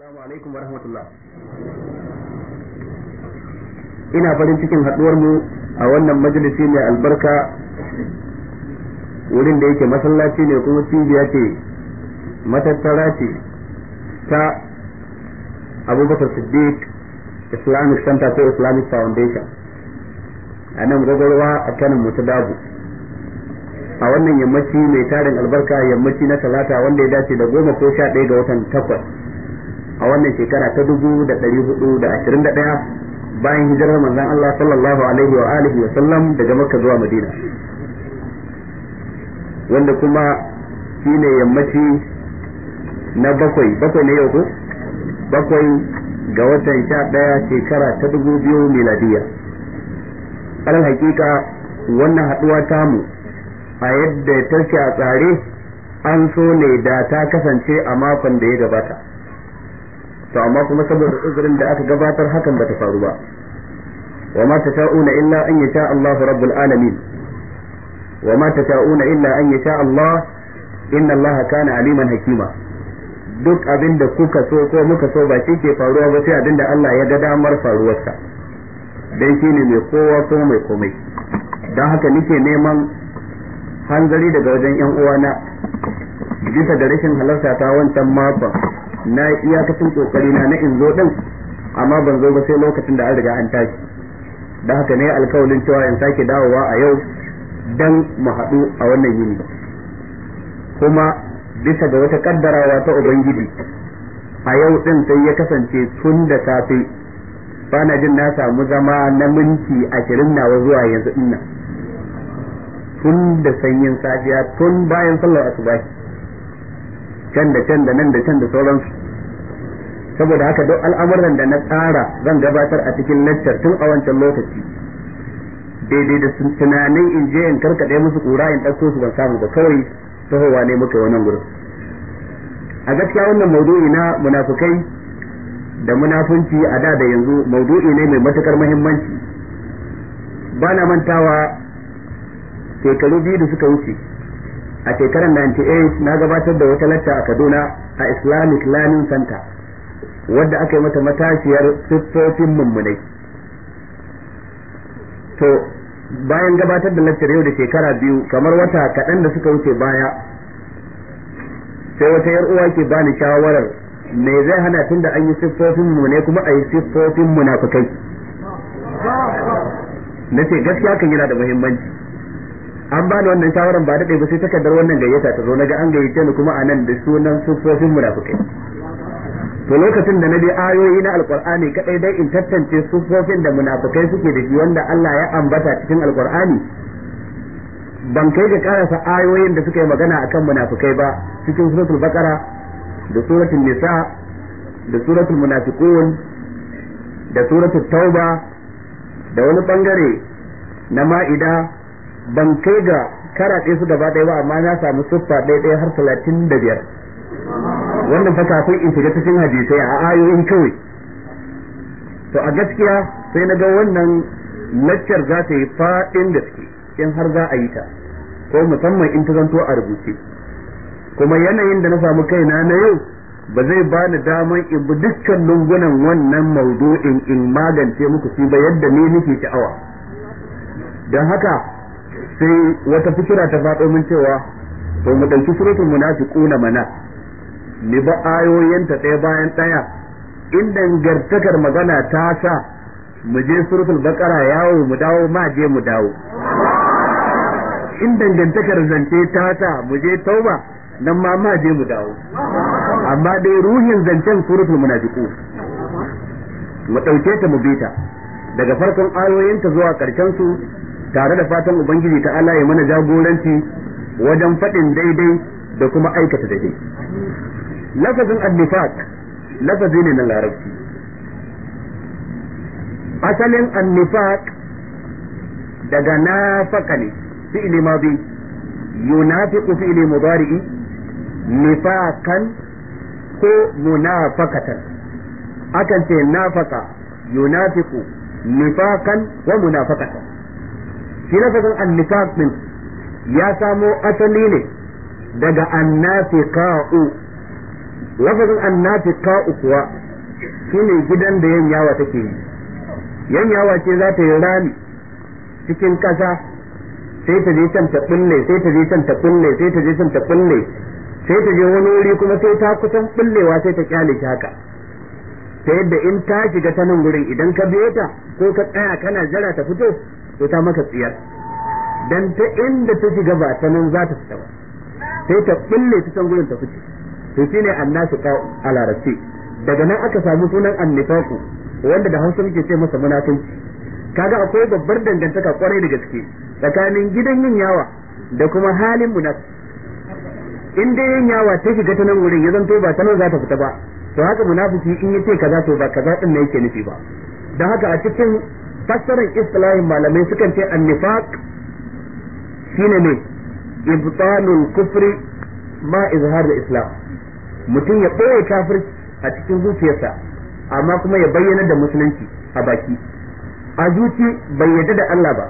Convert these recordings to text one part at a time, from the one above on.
Assalamu alaikum Ina farin cikin haɗuwar mu a wannan majalisi mai albarka wurin da yake masallaci ne kuma cibiya ce matattara ce ta Abubakar Siddiq Islamic Center ko Islamic Foundation a nan gwagwarwa a kanin mutu dabu. a wannan yammaci mai tarin albarka yammaci na talata wanda ya dace da goma ko sha ɗaya ga watan takwas a wannan shekara ta dubu da ɗari hudu da ashirin da ɗaya bayan hijirar manzan Allah sallallahu alaihi wa alihi wa sallam daga Makka zuwa Madina wanda kuma shine yammaci na bakwai bakwai ne yau ko bakwai ga watan sha ɗaya shekara ta dubu biyu miladiyya alal hakika wannan haɗuwa tamu a yadda ta a tsare an so ne da ta kasance a makon da ya gabata to amma kuma saboda uzurin da aka gabatar hakan bata faru ba wa ma tasha'una illa an yasha Allah rabbul alamin wa ma tasha'una illa an yasha Allah inna Allah kana aliman hakima duk abin da kuka so ko muka so ba shi ke faruwa ba sai abin da Allah ya ga damar faruwarsa dan shine mai kowa ko mai komai don haka nake neman hanzari daga wajen yan uwana bisa da rashin halarta ta wancan makon na yi iyakacin kokari na na in zo din amma ban zo ba sai lokacin da an riga an tashi da haka ne alkawalin cewa in sake dawowa a yau dan mu haɗu a wannan yini kuma bisa ga wata kaddarawa ta ubangiji a yau din sai ya kasance tun da safe bana jin na samu zama na minti ashirin nawa zuwa yanzu dinnan tun da sanyin safiya tun bayan sallar asubahi can da can da nan da can da sauransu saboda haka duk al'amuran da na tsara zan gabatar a cikin lantar tun a wancan lokaci daidai da tunanin in je in karkaɗe musu ƙura in ɗauko su ban samu ba kawai tahowa ne muka wannan gurin a gaskiya wannan maudu'i na munafukai da munafunci a da da yanzu maudu'i ne mai matukar muhimmanci ba na mantawa shekaru biyu da suka wuce a shekarar 98 na gabatar da wata latta a Kaduna a Islamic Learning Center wadda aka yi mata matashiyar siffofin mummunai to bayan gabatar da lattar yau da shekara biyu kamar wata kaɗan da suka wuce baya sai wata yar uwa ke bani shawarar me zai hana tun da an yi siffofin mummunai kuma a yi siffofin munafukai na ce gaskiya kan yana da muhimmanci an ba bani wannan shawaran ba daɗe ba sai takardar wannan gayyata ta zo naga an gayyace ni kuma a nan da sunan sufofin munafukai to lokacin da na bi ayoyi na alqur'ani kadai dai in tantance sufofin da munafukai suke da shi wanda Allah ya ambata cikin alqur'ani ban kai ga karasa ayoyin da suka yi magana akan munafukai ba cikin suratul baqara da suratul nisa da suratul munafiqun da suratul tauba da wani bangare na ma'ida ban kai ga karaɗe su gaba ɗaya ba amma na samu siffa ɗaya ɗaya har talatin da biyar wannan fa kafin in shiga cikin hadisai a ayoyin kawai to a gaskiya sai na ga wannan laccar za ta yi faɗin gaske in har za a yi ta ko musamman in ta zanto a rubuce kuma yanayin da na samu kaina na yau ba zai ba ni daman in bi dukkan lungunan wannan maudu'in in magance muku shi ba yadda ne nake sha'awa don haka sai wata fikira ta faɗo min cewa to mu ɗauki suratul munafiquna mana ni ba ayoyinta ɗaya bayan ɗaya inda gartakar magana ta sa mu je suratul baqara yawo mu dawo ma je mu dawo in dangantakar zance ta sa mu je tauba nan ma ma je mu dawo amma dai ruhin zancen suratul munafiqu mu dauke ta mu bita daga farkon ayoyinta zuwa karshen su tare da fatan ubangiji ta Allah ya mana jagoranci wajen faɗin daidai da kuma aikata daidai lafazin annifaq lafazi ne na larabci asalin annifaq daga nafaka ne fi fi'li madi yunafiqu fi'li mudari'i nifaqan ko munafaqatan akan ce nafaka, yunafiqu nifaqan wa munafaqatan shi lafazin annifaq din ya samo asali ne daga annafiqa'u lafazin annafiqa'u kuwa shine gidan da yanyawa take yi yanyawa ce za ta yi rami cikin kasa sai ta je can ta sai ta je can ta sai ta je can ta sai ta je wani wuri kuma sai ta kusan bullewa sai ta kyale shi haka ta yadda in ta shiga ta nan gurin idan ka biyo ta ko ka tsaya kana jira ta fito to ta maka tsiyar dan ta inda ta shiga ba ta nan za ta fita ba sai ta kulle ta can gurin ta fice to shine annashi ka alarace daga nan aka samu sunan annifaku wanda da Hausa muke ce masa munafinci kaga akwai babbar dangantaka kwarai da gaske tsakanin gidan yin yawa da kuma halin munafiki in dai yin yawa ta shiga ta nan wurin ya zanto ba ta nan za ta fita ba to haka munafiki in ya yace kaza to ba kaza din ne yake nufi ba don haka a cikin fassarar islamin malamai sukan ce annifaq shine ne ibtalul kufri ma izhar da islam mutum ya ɓoye kafirci a cikin zuciyarsa amma kuma ya bayyana da musulunci a baki a zuci bai yadda da Allah ba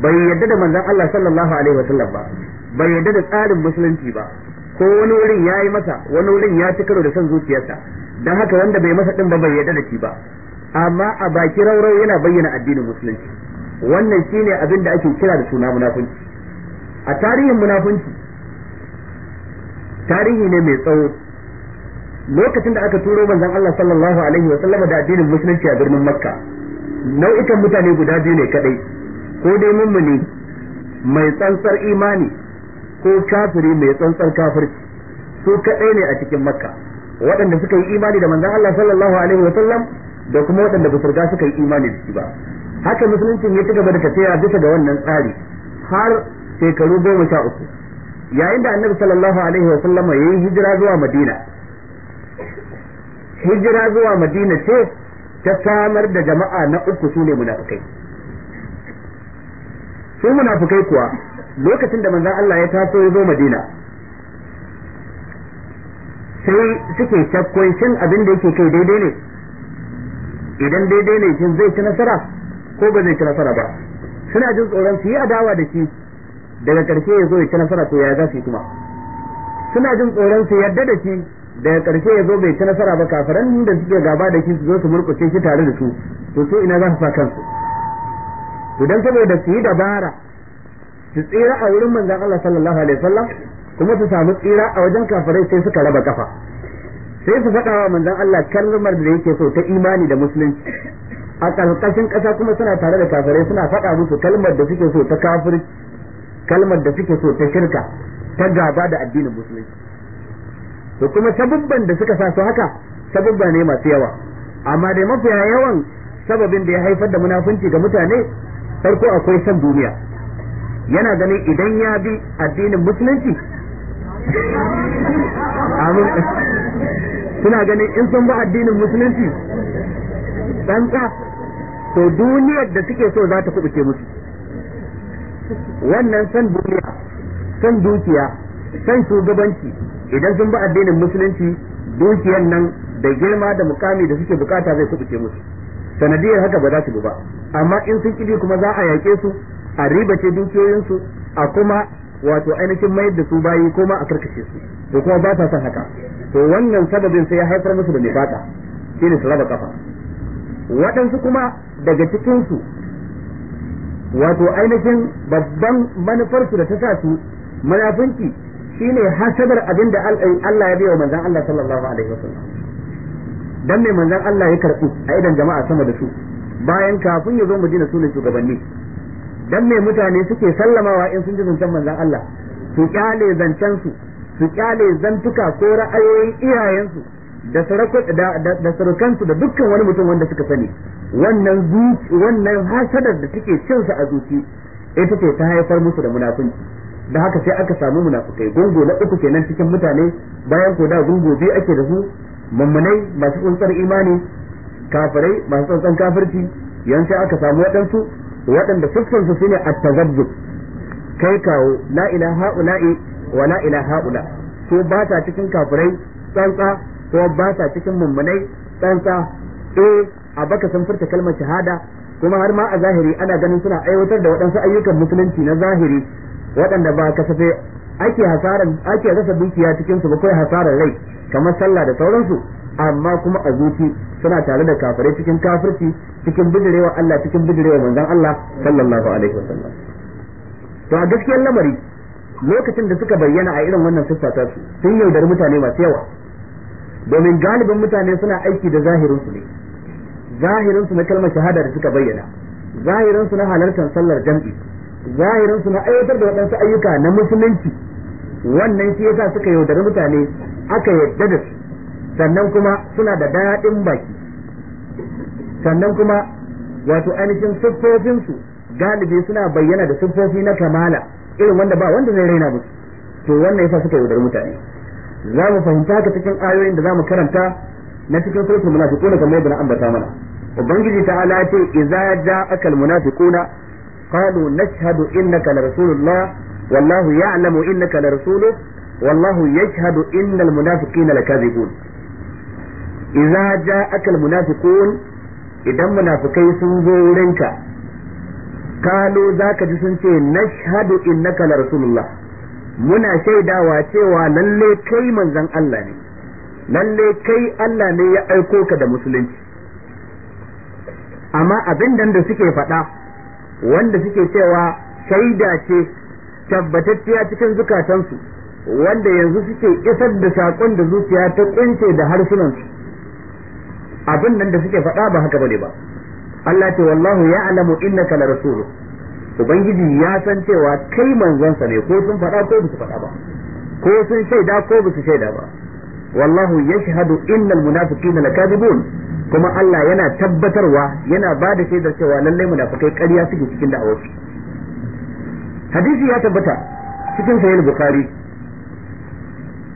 bai yadda da manzon Allah sallallahu alaihi wasallam ba bai yadda da tsarin musulunci ba ko wani wurin ya yi masa wani wurin ya ci karo da son zuciyarsa don haka wanda bai masa ɗin ba bai yarda da shi ba amma a baki raurau yana bayyana addinin musulunci wannan shine abin da ake kira da suna munafunci a tarihin munafunci tarihi ne mai tsawo lokacin da aka turo manzon Allah sallallahu alaihi wa sallama da addinin musulunci a birnin Makka nau'ikan mutane guda biyu ne kadai ko dai mummuni mai tsantsar imani ko kafiri mai tsantsar kafirci su kadai ne a cikin Makka waɗanda suka yi imani da manzon Allah sallallahu alaihi wa sallam da kuma waɗanda ba su riga suka yi imani da shi ba haka musuluncin ya ci gaba da tafiya bisa ga wannan tsari har shekaru goma sha uku yayin da annabi sallallahu alaihi wa sallama yayi hijira zuwa madina hijira zuwa madina ce ta samar da jama'a na uku su ne munafukai su munafukai kuwa lokacin da manzon Allah ya taso ya zo madina sai suke shakkun shin abin da yake kai daidai ne idan daidai ne shin zai ci nasara ko ba zai ci nasara ba suna jin tsoron su yi adawa da shi daga karshe ya zo ya ci nasara ko ya za su yi kuma suna jin tsoron su yadda da shi daga karshe ya zo bai ci nasara ba kafaran da suke gaba da shi su zo su murƙushe shi tare da su to su ina za su sa kansu to dan saboda su yi dabara su tsira a wurin manzon Allah sallallahu alaihi wasallam kuma su samu tsira a wajen kafirai sai suka raba kafa sai su faɗa wa manzon Allah kalmar da yake so ta imani da musulunci a ƙarƙashin ƙasa kuma suna tare da kafirai suna faɗa musu kalmar da suke so ta kafir kalmar da suke so ta shirka ta gaba da addinin musulunci to kuma sabubban da suka sa su haka sabubba ne masu yawa amma dai mafiya yawan sababin da ya haifar da munafunci ga mutane farko akwai san duniya yana ganin idan ya bi addinin musulunci suna ganin in sun ba addinin musulunci tsantsa to duniyar da suke so za ta kubuce musu wannan san duniya san dukiya san shugabanci idan sun ba addinin musulunci dukiyar nan da girma da mukami da suke bukata zai kubuce musu sanadiyar haka ba za su ba amma in sun kidi kuma za a yaƙe su a ribace dukiyoyinsu a kuma wato ainihin mayar da su bayi ko a karkace su to kuma ba ta son haka to wannan sababin sai ya haifar musu da nifaka shine su raba kafa waɗansu kuma daga cikin su wato ainihin babban manufar su da ta sa su munafinci shine hasabar abin da Allah ya biya manzon Allah sallallahu alaihi wasallam dan mai manzon Allah ya karbu a idan jama'a sama da su bayan kafin ya zo Madina sunan shugabanni dan mai mutane suke sallamawa in sun ji zancen manzon Allah su kyale zancen su su kyale zantuka ko ra'ayoyin iyayensu da da da dukkan wani mutum wanda suka sani wannan zuci wannan hasadar da suke cin a zuci ita ce ta haifar musu da munafunci da haka sai aka samu munafukai gungu na uku kenan cikin mutane bayan ko da gungu biyu ake da su mummunai masu tsuntsar imani kafirai masu tsantsan kafirci yanzu aka samu waɗansu waɗanda su shine at-tazabbub kai kawo la ilaha ula'i wala ila haula ko ba ta cikin kafirai tsantsa ko ba ta cikin mummunai tsantsa eh a baka san furta kalmar shahada kuma har ma a zahiri ana ganin suna aiwatar da waɗansu ayyukan musulunci na zahiri waɗanda ba kasafe ake hasaran ake rasa dukiya cikin su ba kai hasarar rai kamar sallah da sauransu amma kuma a zuci suna tare da kafirai cikin kafirci cikin bidirewa Allah cikin bidirewa manzon Allah sallallahu alaihi wasallam to a gaskiyar lamari lokacin da suka bayyana a irin wannan siffa su sun yaudari mutane masu yawa domin galibin mutane suna aiki da zahirinsu su ne zahirin su na kalmar shahada da suka bayyana zahirinsu na halartar sallar jam'i zahirin na aiwatar da waɗansu ayyuka na musulunci wannan shi yasa suka yaudari mutane aka yadda da su sannan kuma suna da daɗin baki sannan kuma wato ainihin siffofinsu galibi suna bayyana da siffofi na kamala irin wanda ba wanda zai raina musu to wannan yasa suka yaudar mutane za mu fahimta haka cikin ayoyin da za mu karanta na cikin suratul munafiquna kamar yadda na ambata mana ubangiji ta'ala ya ce idza ja'aka al munafiquna qalu nashhadu innaka rasulullah wallahu ya'lamu innaka la wallahu yashhadu innal munafiqina lakazibun idza ja'aka al idan munafikai sun zo wurinka kalo zaka ji sun ce nashhadu innaka la rasulullah muna shaidawa cewa lalle kai manzon Allah ne lalle kai Allah ne ya aiko ka da musulunci amma abin da suke faɗa wanda suke cewa shaida ce tabbatacciya cikin zukatansu wanda yanzu suke isar da sakon da zuciya ta kunce da harsunansu abin nan da suke faɗa ba haka bane ba Allah ce wallahu ya'lamu innaka la rasulu ubangiji ya san cewa kai manzonsa ne ko sun faɗa ko bisu faɗa ba ko sun shaida ko bisu shaida ba wallahu yashhadu innal munafiqina lakadibun kuma Allah yana tabbatarwa yana ba da shaidar cewa lallai munafikai ƙarya suke cikin da'awarsu hadisi ya tabbata cikin sahih bukhari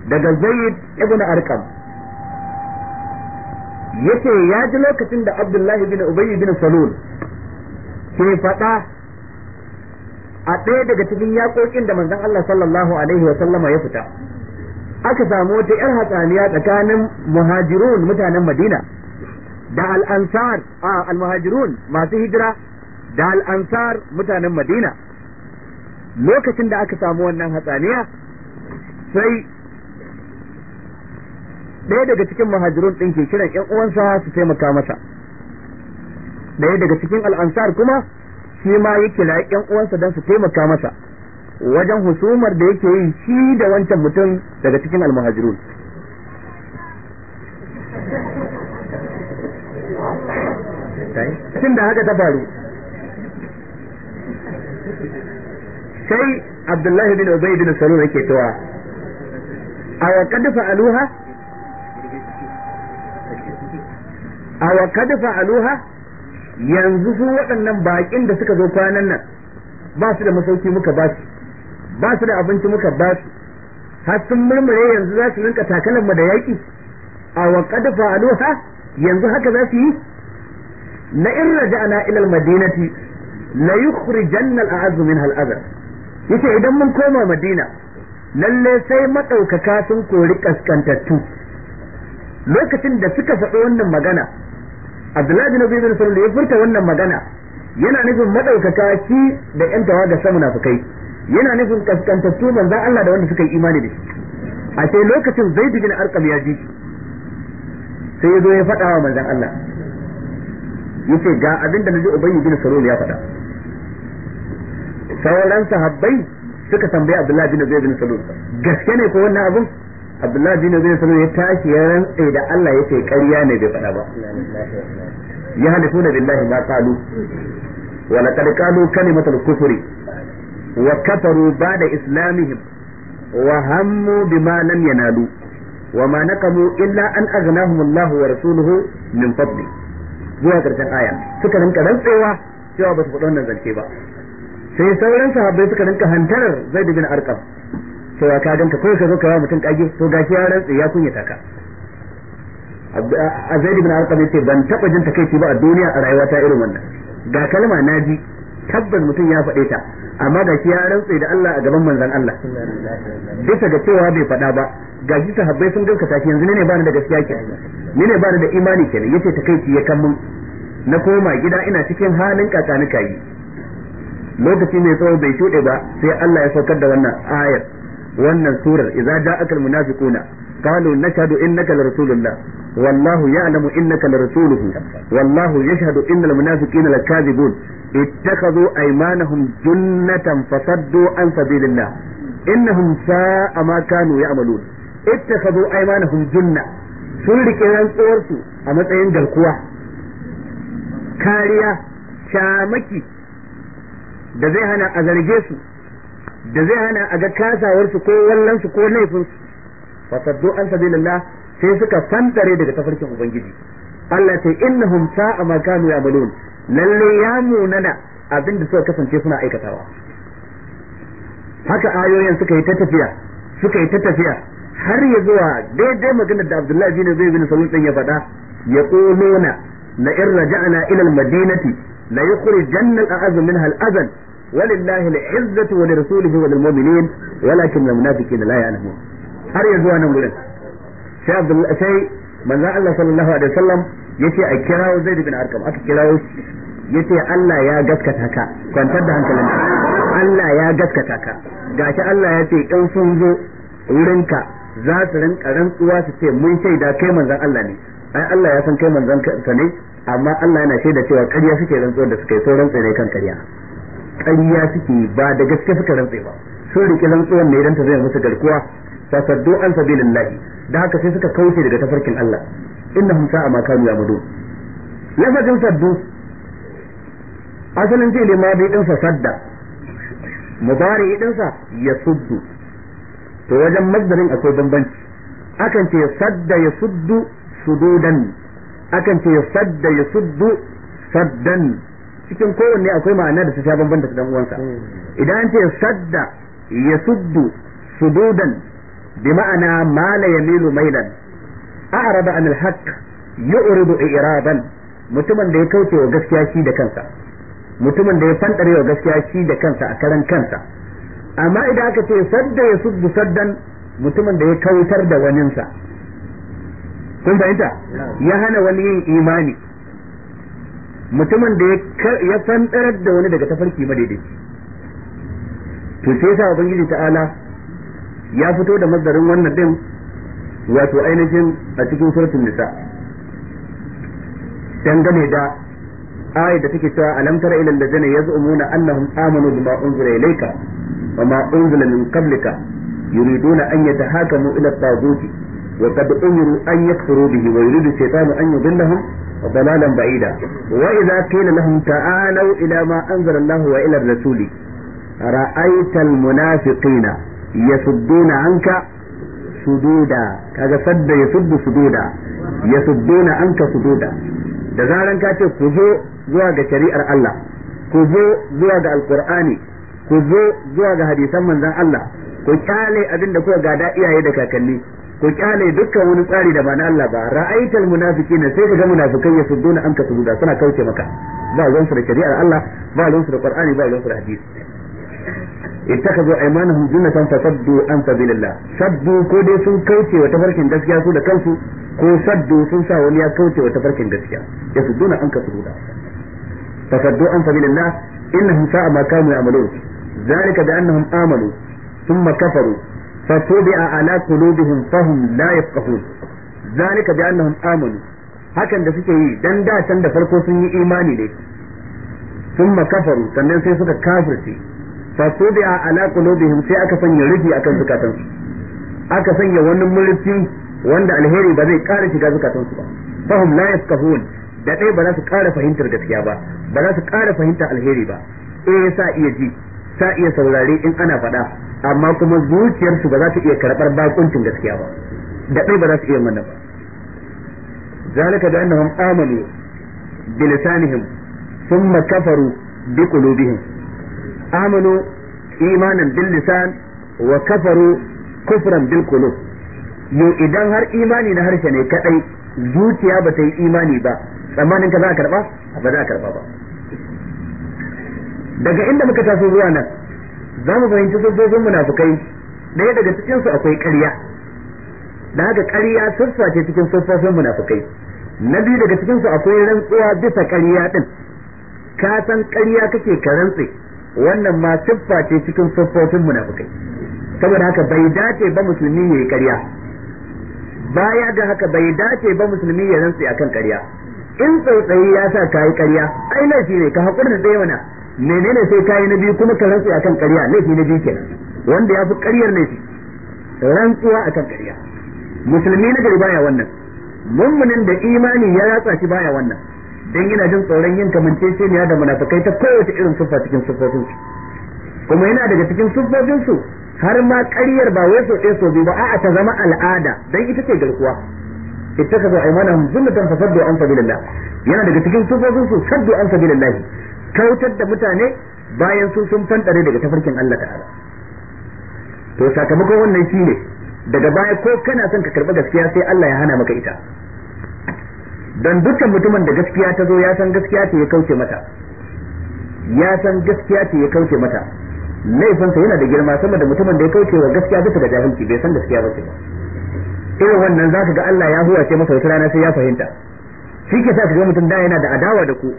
daga zaid ibn arqam yace ya ji lokacin da Abdullahi bin Ubay bin Salul ke faɗa a ɗaya daga cikin yaƙoƙin da manzon Allah sallallahu alaihi wa sallama ya fita aka samu wata yar hatsaniya tsakanin muhajirun mutanen Madina da al-ansar al-muhajirun masu hijira da al-ansar mutanen Madina lokacin da aka samu wannan hatsaniya sai ɗaya daga cikin muhajirun ɗin ke kiran ƴan uwansa su taimaka masa ɗaya daga cikin al'ansar kuma shi ma ya kira ƴan uwansa don su taimaka masa wajen husumar da yake yi shi da wancan mutum daga cikin almahajirun tun da haka ta faru sai abdullahi bin ubay bin salul yake tawa a wa qad fa'aluha a wa kad aluha yanzu su waɗannan baƙin da suka zo kwanan nan ba su da masauki muka ba su ba su da abinci muka ba su har sun murmure yanzu za su rinka takalar mu da yaƙi a wa kad aluha yanzu haka za su yi Na in raja'na ila al-madinati la yukhrijanna al-a'azzu minha al yace idan mun koma madina lalle sai madaukaka sun kori kaskantattu lokacin da suka faɗi wannan magana Abdullahi bin Abi bin da ya furta wannan magana yana nufin madaukaka ki da yan samuna sa kai. yana nufin kaskantattu manzon Allah da wanda suka yi imani da shi a sai lokacin Zaid bin Arqam ya ji sai ya zo ya faɗa wa manzon Allah yace ga abin da naji Ubay bin Salul ya faɗa sauran sahabbai suka tambaye Abdullahi bin bin Salul gaske ne ko wannan abin Abdullahi bin Zubair sallallahu ya tashi ya da Allah ya ce ƙarya ne bai faɗa ba ya halifuna billahi ma qalu wa laqad qalu kalimatul kufri wa kafaru ba'da islamihim wa hammu bima lam yanalu wa ma naqamu illa an aghnahum Allah wa rasuluhu min fadli zuwa karshen aya suka rinka rantsewa cewa ba su faɗa wannan zance ba sai sauran sahabbai suka rinka hantarar Zaid bin Arqam cewa ka ganta ko ka zo ka yawa mutum kage to gashi ya rantsi ya kunya ka a ibn arqam yace ban taba jin takeici ba a duniya a ta irin wannan ga kalma naji tabbas mutum ya faɗe ta amma ga shi ya rantsi da Allah a gaban manzon Allah bisa ga cewa bai faɗa ba ga ta habbai sun gaskata yanzu ne ba ni da gaskiya ke ni ne ba ni da imani ke yace takeici ya kan mun na koma gida ina cikin halin kakanika yi lokaci mai tsawo bai shuɗe ba sai Allah ya saukar da wannan ayar wannan surar idza ja'aka almunafiquna qalu nashhadu innaka larasulullah wallahu ya'lamu innaka larasuluhu wallahu yashhadu innal munafiqina lakazibun ittakhadhu aymanahum junnatan fasaddu an sabilillah innahum sa'a ma kanu ya'malun ittakhadhu aymanahum junna sun rike rantsuwarsu a matsayin garkuwa kariya shamaki da zai hana a zarge su da zai hana a ga kasawar su ko wallan su ko laifin su saddu an sabilillah sai suka fantare daga tafarkin ubangiji Allah ta innahum sa'a ma kanu ya'malun lalle ya munana abinda suka kasance suna aikatawa haka ayoyin suka yi ta tafiya suka yi ta tafiya har ya zuwa daidai magana da Abdullahi bin Zaid bin Salul din ya faɗa ya quluna na in raja'na ila al-madinati la yukhrijanna al-a'z minha al-azan walillahi al'izzatu wa lirasulihi wa lilmu'minin walakin almunafiqina la ya'lamun har yanzu wannan gurin sai Abdullah Allah sallallahu alaihi wasallam yace a kirawo Zaid bin Arqam aka kirawo yace Allah ya gaskata ka kwantar da hankalinka Allah ya gaskata ka gashi Allah ya ce in sun zo wurinka za su rinka rantsuwa su ce mun shaida kai Manza Allah ne ai Allah ya san kai manzon ka ne amma Allah yana shaida cewa karya suke rantsuwar da suka yi sauran tsare kan ƙarya ƙarya suke ba da gaske suka rantse ba sun riƙe rantsuwan ne idan ta zai musu garkuwa fa saddu an lahi da haka sai suka kauce daga tafarkin Allah innahum sa'a ma kanu ya'budu lafazin saddu asalin fi'li ma bi din sa sadda mubari din sa yasuddu to wajen masdarin akwai bambanci akan ce sadda yasuddu sududan akan ce sadda yasuddu saddan cikin kowanne akwai ma'ana da su sha bamban da dan uwansa hmm. idan an ce sadda yasuddu sududan bi ma'ana ma la yamilu mailan a'rada an al-haqq yu'ridu i'radan mutumin da ya kauce wa gaskiya shi da kansa mutumin da ya fantare wa gaskiya shi da kansa a karan kansa amma idan aka ce sadda ya suddu saddan mutumin da ya kautar da waninsa kun fahimta ya hana wani yin imani mutumin da ya fantarar da wani daga tafarki madaidaici to sai yasa ubangiji ta'ala ya fito da mazarin wannan din wato ainihin a cikin suratul nisa dangane da ayat da take cewa alam tara ila allazina yaz'umuna annahum amanu bima unzila ilayka wa ma unzila min qablika yuriduna an yatahakamu ila at-taghut وقد أمروا أن يكفروا به ويريد الشيطان أن يضلهم ضلالا بعيدا وإذا قيل لهم تعالوا إلى ما أنزل الله وإلى الرسول رأيت المنافقين يصدون عنك sududa kaga sadda ya suddu sududa ya sudduna da zaran ka ce ku zo zuwa ga shari'ar Allah ku zo zuwa ga alkur'ani. ku zo zuwa ga hadisan manzon Allah ku kyale abin da kuka gada iyaye da kakanni Ko kyale dukkan wani tsari da ba na Allah ba ra'aital munafiqina sai kaga munafikai ya sudduna anka sududa suna kauce maka ba ruwan su da shari'ar Allah ba ruwan da Qur'ani ba ruwan su da hadisi ittakhadhu aymanahum jinnatan fasaddu an sabilillah saddu ko dai sun kauce wa tafarkin gaskiya su da kansu ko saddu sun sa wani ya kauce wa tafarkin gaskiya ya sudduna anka sududa fasaddu an sabilillah innahum sa'a ma kanu ya'malun ذلك بأنهم آمنوا ثم كفروا فتوبع على قلوبهم فهم لا يفقهون ذلك بأنهم آمنوا hakan da suke yi dan da can da farko sun yi imani ne thumma kafaru sannan sai suka kafirce fa tubi'a ala qulubihim sai aka sanya rufi akan zukatansu aka sanya wani murfi wanda alheri ba zai ƙara shiga zukatansu ba fahum la yafqahun da dai ba za su ƙara fahimtar gaskiya ba ba za su ƙara fahimtar alheri ba eh sa iya ji sa iya saurare in ana faɗa amma kuma zuciyarsu ba za ta iya karɓar bakuncin gaskiya ba da ɗai ba za su iya mana ba zalika da annahum Amalu bi lisanihim thumma kafaru bi qulubihim amanu imanan bil lisan wa kafaru kufran bil qulub yo idan har imani na harshe ne kadai zuciya ba ta yi imani ba tsammanin ka za a karba ba za a karba ba daga inda muka taso zuwa nan za mu fahimci sojojin munafukai ɗaya daga cikinsu akwai ƙarya da haka ƙarya sassa ce cikin sassafin munafukai na biyu daga cikinsu akwai rantsuwa bisa ƙarya ɗin ka san ƙarya kake ka rantse wannan ma siffa ce cikin sassafin munafukai saboda haka bai dace ba musulmi ya yi ƙarya baya ga haka bai dace ba musulmi ya rantse akan ƙarya in tsautsayi ya sa ka yi ƙarya ai laifi ne ka haƙura da ɗaya mana menene sai kayi na biyu kuma ka rantsi akan ƙarya laifi na biyu kenan wanda ya fi ƙaryar laifi rantsuwa akan ƙarya musulmi na gari baya wannan mummunin da imani ya ratsa shi baya wannan dan yana jin tsoron yin kamance kamanceceniya da munafikai ta kowace irin siffa cikin siffofin su kuma yana daga cikin siffofin su har ma ƙaryar ba wai so ɗaya so biyu ba a'a ta zama al'ada dan ita ce garkuwa ittakazu aymanahum zunnatan fasaddu an sabilillah yana daga cikin siffofin su saddu an sabilillah kautar da mutane bayan su sun fantare daga tafarkin Allah ta'ala to sakamakon wannan shine daga baya ko kana son ka karɓi gaskiya sai Allah ya hana maka ita don dukkan mutumin da gaskiya ta zo ya san gaskiya ce ya kauce mata ya san gaskiya ce ya kauce mata laifinsa yana da girma sama da mutumin da ya kauce wa gaskiya bisa ga jahilci bai san gaskiya ba ce ba irin wannan za ka ga Allah ya huwace masa wata rana sai ya fahimta shi ke sa ka ga mutum da yana da adawa da ku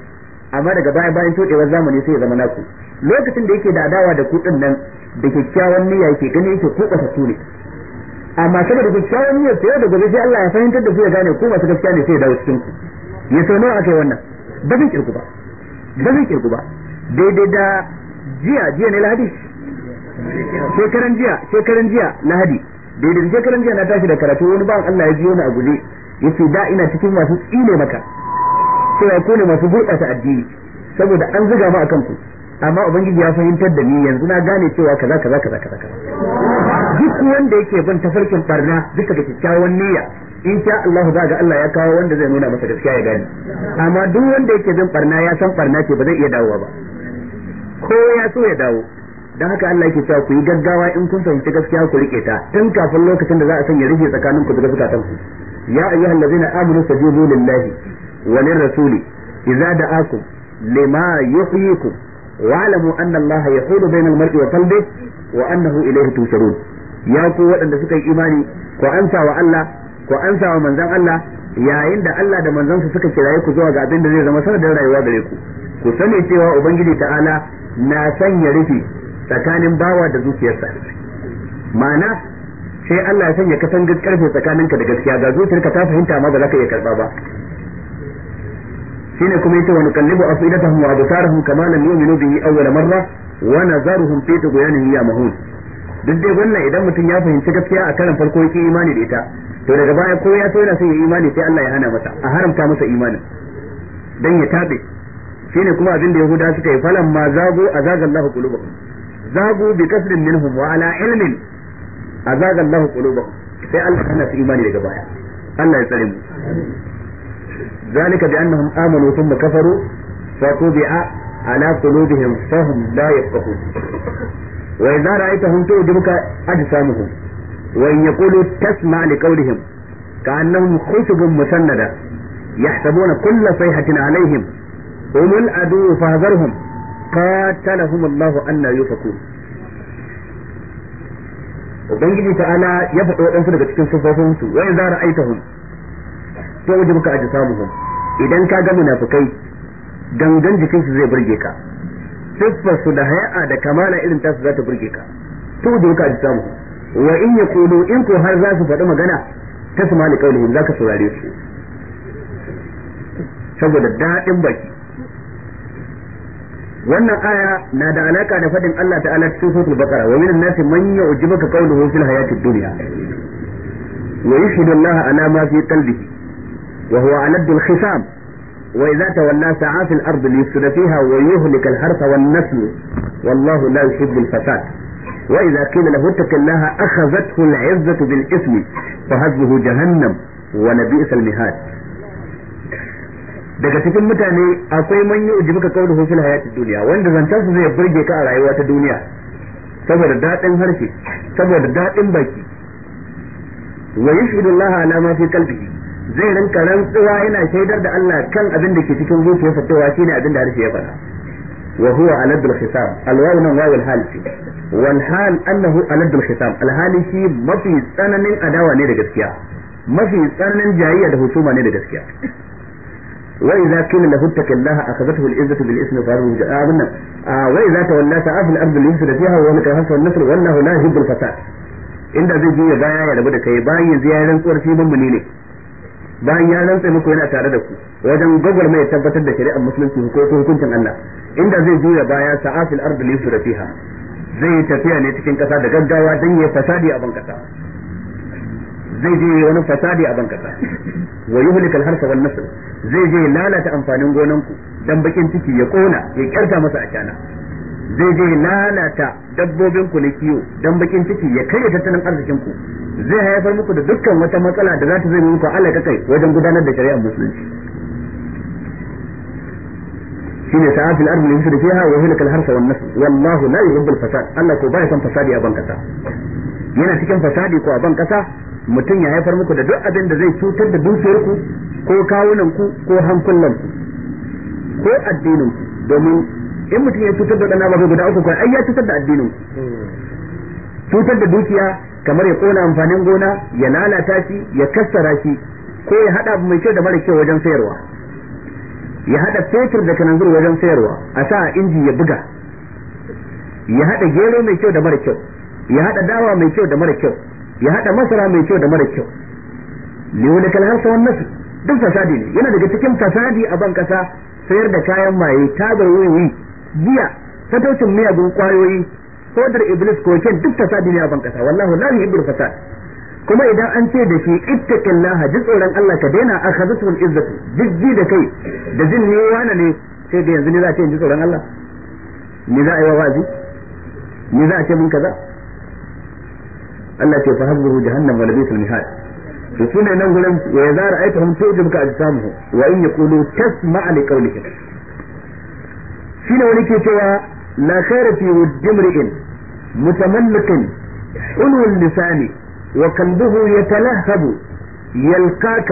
amma daga baya bayan tocewar zamani sai ya zama naku lokacin da yake da adawa da kudin nan da kyakkyawan niyya yake gani yake ko kasa su ne amma da kyakkyawan niyya sai da gobe sai Allah ya fahimtar da su ya gane ko masu gaskiya ne sai ya dawo cikin ku ya so nawa akai wannan ba zan kirku ba ba zan kirku ba daidai da jiya jiya ne lahadi shekaran jiya shekaran jiya lahadi daidai da shekaran jiya na tashi da karatu wani ba Allah ya ji wani a guje yace da ina cikin masu tsine maka cewa ku ne masu gurɓata addini saboda an zuga mu akan ku amma ubangiji ya fahimtar da ni yanzu na gane cewa kaza kaza kaza kaza duk wanda yake bin tafarkin barna duka ga kyakkyawan niyya in sha Allah za ga Allah ya kawo wanda zai nuna masa gaskiya ya gane amma duk wanda yake bin barna ya san barna ce ba zai iya dawowa ba ko ya so ya dawo dan haka Allah yake cewa ku yi gaggawa in kun fahimci gaskiya ku rike ta tun kafin lokacin da za a sanya rufe tsakanin ku da zukatan ku ya ayyuhallazina amanu sajudu lillahi Wani rasuli idza da'akum lima yuhyikum wa'lamu anna Allah yahulu bainal mar'i wa qalbi wa annahu ilayhi tusharun ya ku waɗanda suka yi imani ku ansa wa Allah ku ansa wa manzon Allah yayin da Allah da manzansa suka kiraye ku zuwa ga abin da zai zama sanadin rayuwa gare ku ku sani cewa ubangiji ta'ala na sanya rufi tsakanin bawa da zuciyarsa ma'ana sai Allah ya sanya kasan karfe tsakaninka da gaskiya ga zuciyarka ta fahimta amma ba za ka iya karba ba shine kuma yace wa nuqallibu afidatahum wa absarahum kama lam yu'minu bihi awwal marra wa nazaruhum fi tughyanihim ya mahun duk dai wannan idan mutum ya fahimci gaskiya a karan farko yake imani da ita to daga baya ko ya so yana son ya imani sai Allah ya hana masa a haramta masa imanin dan ya tabe shine kuma abin da yahuda suka yi falan ma zago azaga Allah qulubahum zago bi kasrin minhum wa ala ilmin azaga Allah qulubahum sai Allah ya hana su imani daga baya Allah ya tsare mu ذلك بأنهم آمنوا ثم كفروا فطبع على قلوبهم فهم لا يفقهون وإذا رأيتهم تعجبك أجسامهم وإن يقولوا تسمع لقولهم كأنهم خشب مسندة يحسبون كل صيحة عليهم هم العدو فهذرهم قاتلهم الله أن يفكون ubangiji ta'ala ya faɗo waɗansu daga cikin sufofinsu wa to waje muka aji samuhum idan ka ga munafikai gangan jikin su zai burge ka siffar su da haya'a da kamala irin tasu za ta burge ka to waje muka aji samuhum wa in ya kulu in ko har za su faɗi magana tasma li za ka saurare su saboda daɗin baki wannan aya na da alaka da faɗin Allah ta'ala cikin suratul baqara wa minan nasi man yu'jibuka qawluhu fil hayatid dunya wa yashhadu Allah ala ma fi qalbihi وهو ألد الخصام وإذا تولى سعى في الأرض ليفسد فيها ويهلك الحرث والنسل والله لا يحب الفساد وإذا قيل له اتق الله أخذته العزة بالإثم فهزه جهنم ولبئس المهاد daga cikin mutane akwai man yi ujibuka kauluhu fil hayatid duniya wanda zantar su zai burge ka a rayuwa ta duniya saboda daɗin harshe saboda daɗin baki wa yashhadu Allah ala ma fi qalbihi zai rinka rantsuwa yana shaidar da Allah kan abin da ke cikin zuciyarsa cewa shine abin da harshe ya faɗa wa huwa alad al khisam al waw nan waw al hal wal hal annahu alad al al shi mafi tsananin adawa ne da gaskiya mafi tsananin jayayya da husuma ne da gaskiya wa idza qila lahu taqillaha akhadathu al izzatu bil ismi fa ruja abna wa idza tawalla ta'af al ardu yusra fiha wa laka hasu al nasr wallahu la yuhibbu al fasad inda zai ji ya baya ya rabu da kai bayan ziyaran tsorfi mun ne bayan ya rantsa muku yana tare da ku wajen gogwar mai tabbatar da shari'ar musulunci ko hukuncin Allah inda zai juya baya sa'afil ardi li fiha zai tafiya ne cikin kasa da gaggawa dan ya fasadi a bankasa zai je wani fasadi a bankasa wa yuhlikal harsa wan nasl zai je lalata amfanin gonan ku dan bakin ciki ya kona ya kyarta masa a kana zai je lalata dabbobin ku na kiwo dan bakin ciki ya kai karya tattalin arzikin ku zai haifar muku da dukkan wata matsala da za ta zai muku alaka kai wajen gudanar da shari'a musulunci ne sa'afi al'adun yin yusri ha wa yahlika al harsa wan nasl wallahu la yuhibbu al fasad Allah ko baya son fasadi a ban kasa yana cikin fasadi ko a ban kasa mutum ya haifar muku da duk abin da zai cutar da dukiyarku ko kawunanku ko hankulanku ko addinin domin in mutum ya cutar da dana ba guda uku ai ya cutar da addinin cutar da dukiya kamar ya kona amfanin gona ya lalata shi ya kassara shi ko ya hada abu mai kyau da mara kyau wajen sayarwa ya hada fetur da kananzir wajen sayarwa a sa inji ya buga ya hada gero mai kyau da mara kyau ya hada dawa mai kyau da mara kyau ya hada masara mai kyau da mara kyau wani kalhar sawan nasu duk fasadi ne yana daga cikin fasadi a ban kasa sayar da kayan maye tabar wuyi giya satocin miyagun kwayoyi hodar iblis ko kin duk fasadi ne a ban kasa wallahu la yuhibbul fasad kuma idan an ce da shi ittaqillaha ji tsoron Allah ka daina akhazatul izzatu jijji da kai da jin ne wani ne sai da yanzu ne za a ce in ji tsoron Allah ni za a yi wazi ni za a ce mun kaza Allah ce fa hazzuhu jahannam wa labisul mihad to shine nan gurin ya zara aitahum tujibka ajsamuhu wa in yaqulu tasma'a li qawlihim shine wani ke cewa la khayra fi wujdi متملق حلو اللسان وقلبه يتلهب يلقاك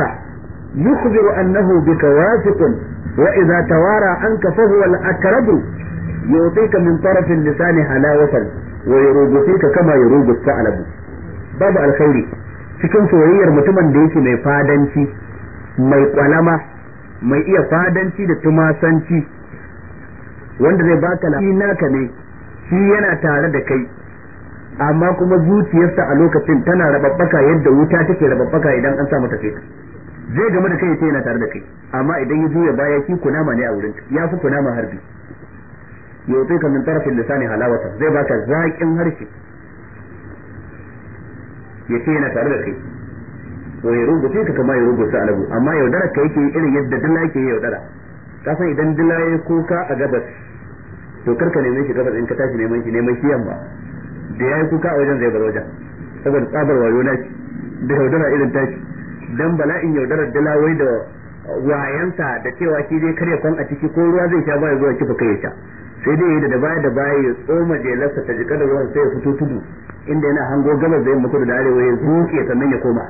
يخبر أنه بك واثق وإذا توارى عنك فهو الأكرب يعطيك من طرف اللسان حلاوة ويروج فيك كما يروج الثعلب باب الخير cikin soyayyar mutumin da yake mai fadanci mai kwalama mai iya fadanci da tumasanci wanda zai baka lafi naka ne shi yana tare da kai amma kuma zuciyarsa a lokacin tana rababbaka yadda wuta take rababbaka idan an sa mata fetur zai game da kai sai yana tare da kai amma idan ya juya baya shi kunama ne a wurin ya fi kunama harbi yau sai ka min tarafin lisani halawata zai baka zaƙin harshe ya ce yana tare da kai to ya rubuce ka kama ya rubuta alabu amma yaudara ka yake irin yadda dila yake yaudara ka san idan dila ya kuka a gabas to karka neman shi gabas in ka tashi neman shi neman shi yamma da ya yi kuka a wajen zai bar wajen saboda tsabar wayo na shi da yaudara irin ta tashi dan bala'in yaudarar dalawai da wayansa da cewa shi zai karya kwan a ciki ko ruwa zai sha baya zuwa kifa kai ya sha sai dai da baya da baya ya tsoma jelarsa ta jika da ruwan sai ya fito tudu inda yana hango gabar da yamma kudu da arewa ya zuke sannan ya koma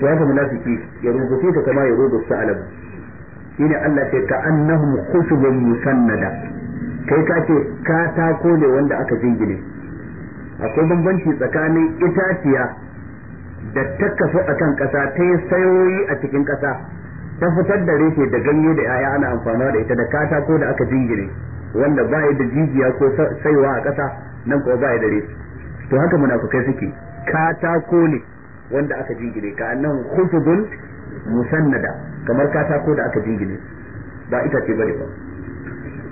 ya haka munafiki ya rubuce ta kama ya rubuta sa'alab shine Allah ce ka annahum khushubun musannada kai ka ce katako ne wanda aka jingine akwai bambanci tsakanin itaciya da ta kasu a kan ƙasa ta yi sayoyi a cikin ƙasa ta fitar da reshe da ganye da 'ya'ya ana amfana da ita da katako da aka jingine wanda ba da jijiya ko saiwa a ƙasa nan kuma ba da reshe to haka munafukai suke katako ne wanda aka jingine ka nan khufudun musannada kamar katako da aka jingine ba ita ce bane ba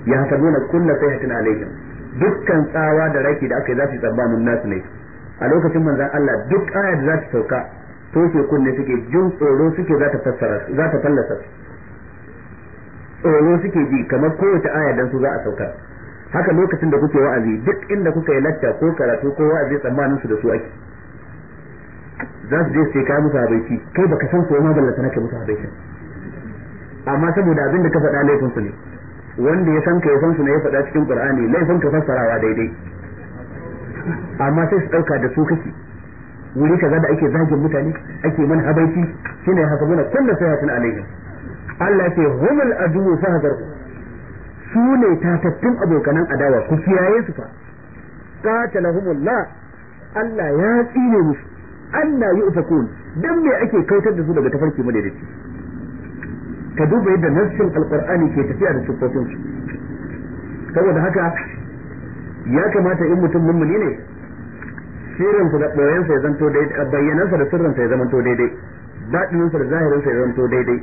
ya nuna kullu sayhatin alaihim dukkan tsawa da raki da aka yi za tsabba mun nasu ne a lokacin manzan Allah duk aya da za ta sauka ke kunne suke jin tsoro suke za ta fassara za ta fallasa tsoro suke ji kamar kowace aya dan su za a sauka haka lokacin da kuke wa'azi duk inda kuka yi lacca ko karatu ko wa'azi tsammanin su da su ake za su je su kai musu abinci kai baka san ko ma ballata nake musu abinci amma saboda abin da ka faɗa laifin su ne wanda ya san ka ya san su ne ya faɗa cikin qur'ani laifin ka fassarawa daidai amma sai su ɗauka da su kake wuri kaza da ake zagin mutane ake mana habaici shine haka muna kullu sayatin alaihim Allah ce humul adu fahzar su ne tatattun abokanan adawa ku kiyaye su fa qatalahumullah Allah ya tsine musu Allah yi ufakun dan me ake kautar da su daga tafarki madaidaici ka duba yadda nassin alqur'ani ke tafiya da sifofin su saboda haka ya kamata in mutum mummuni ne sirrinsa da ɓoyensa ya zanto daidai bayyanansa da sirrinsa ya zanto daidai daɗinsa da zahirinsa ya zanto daidai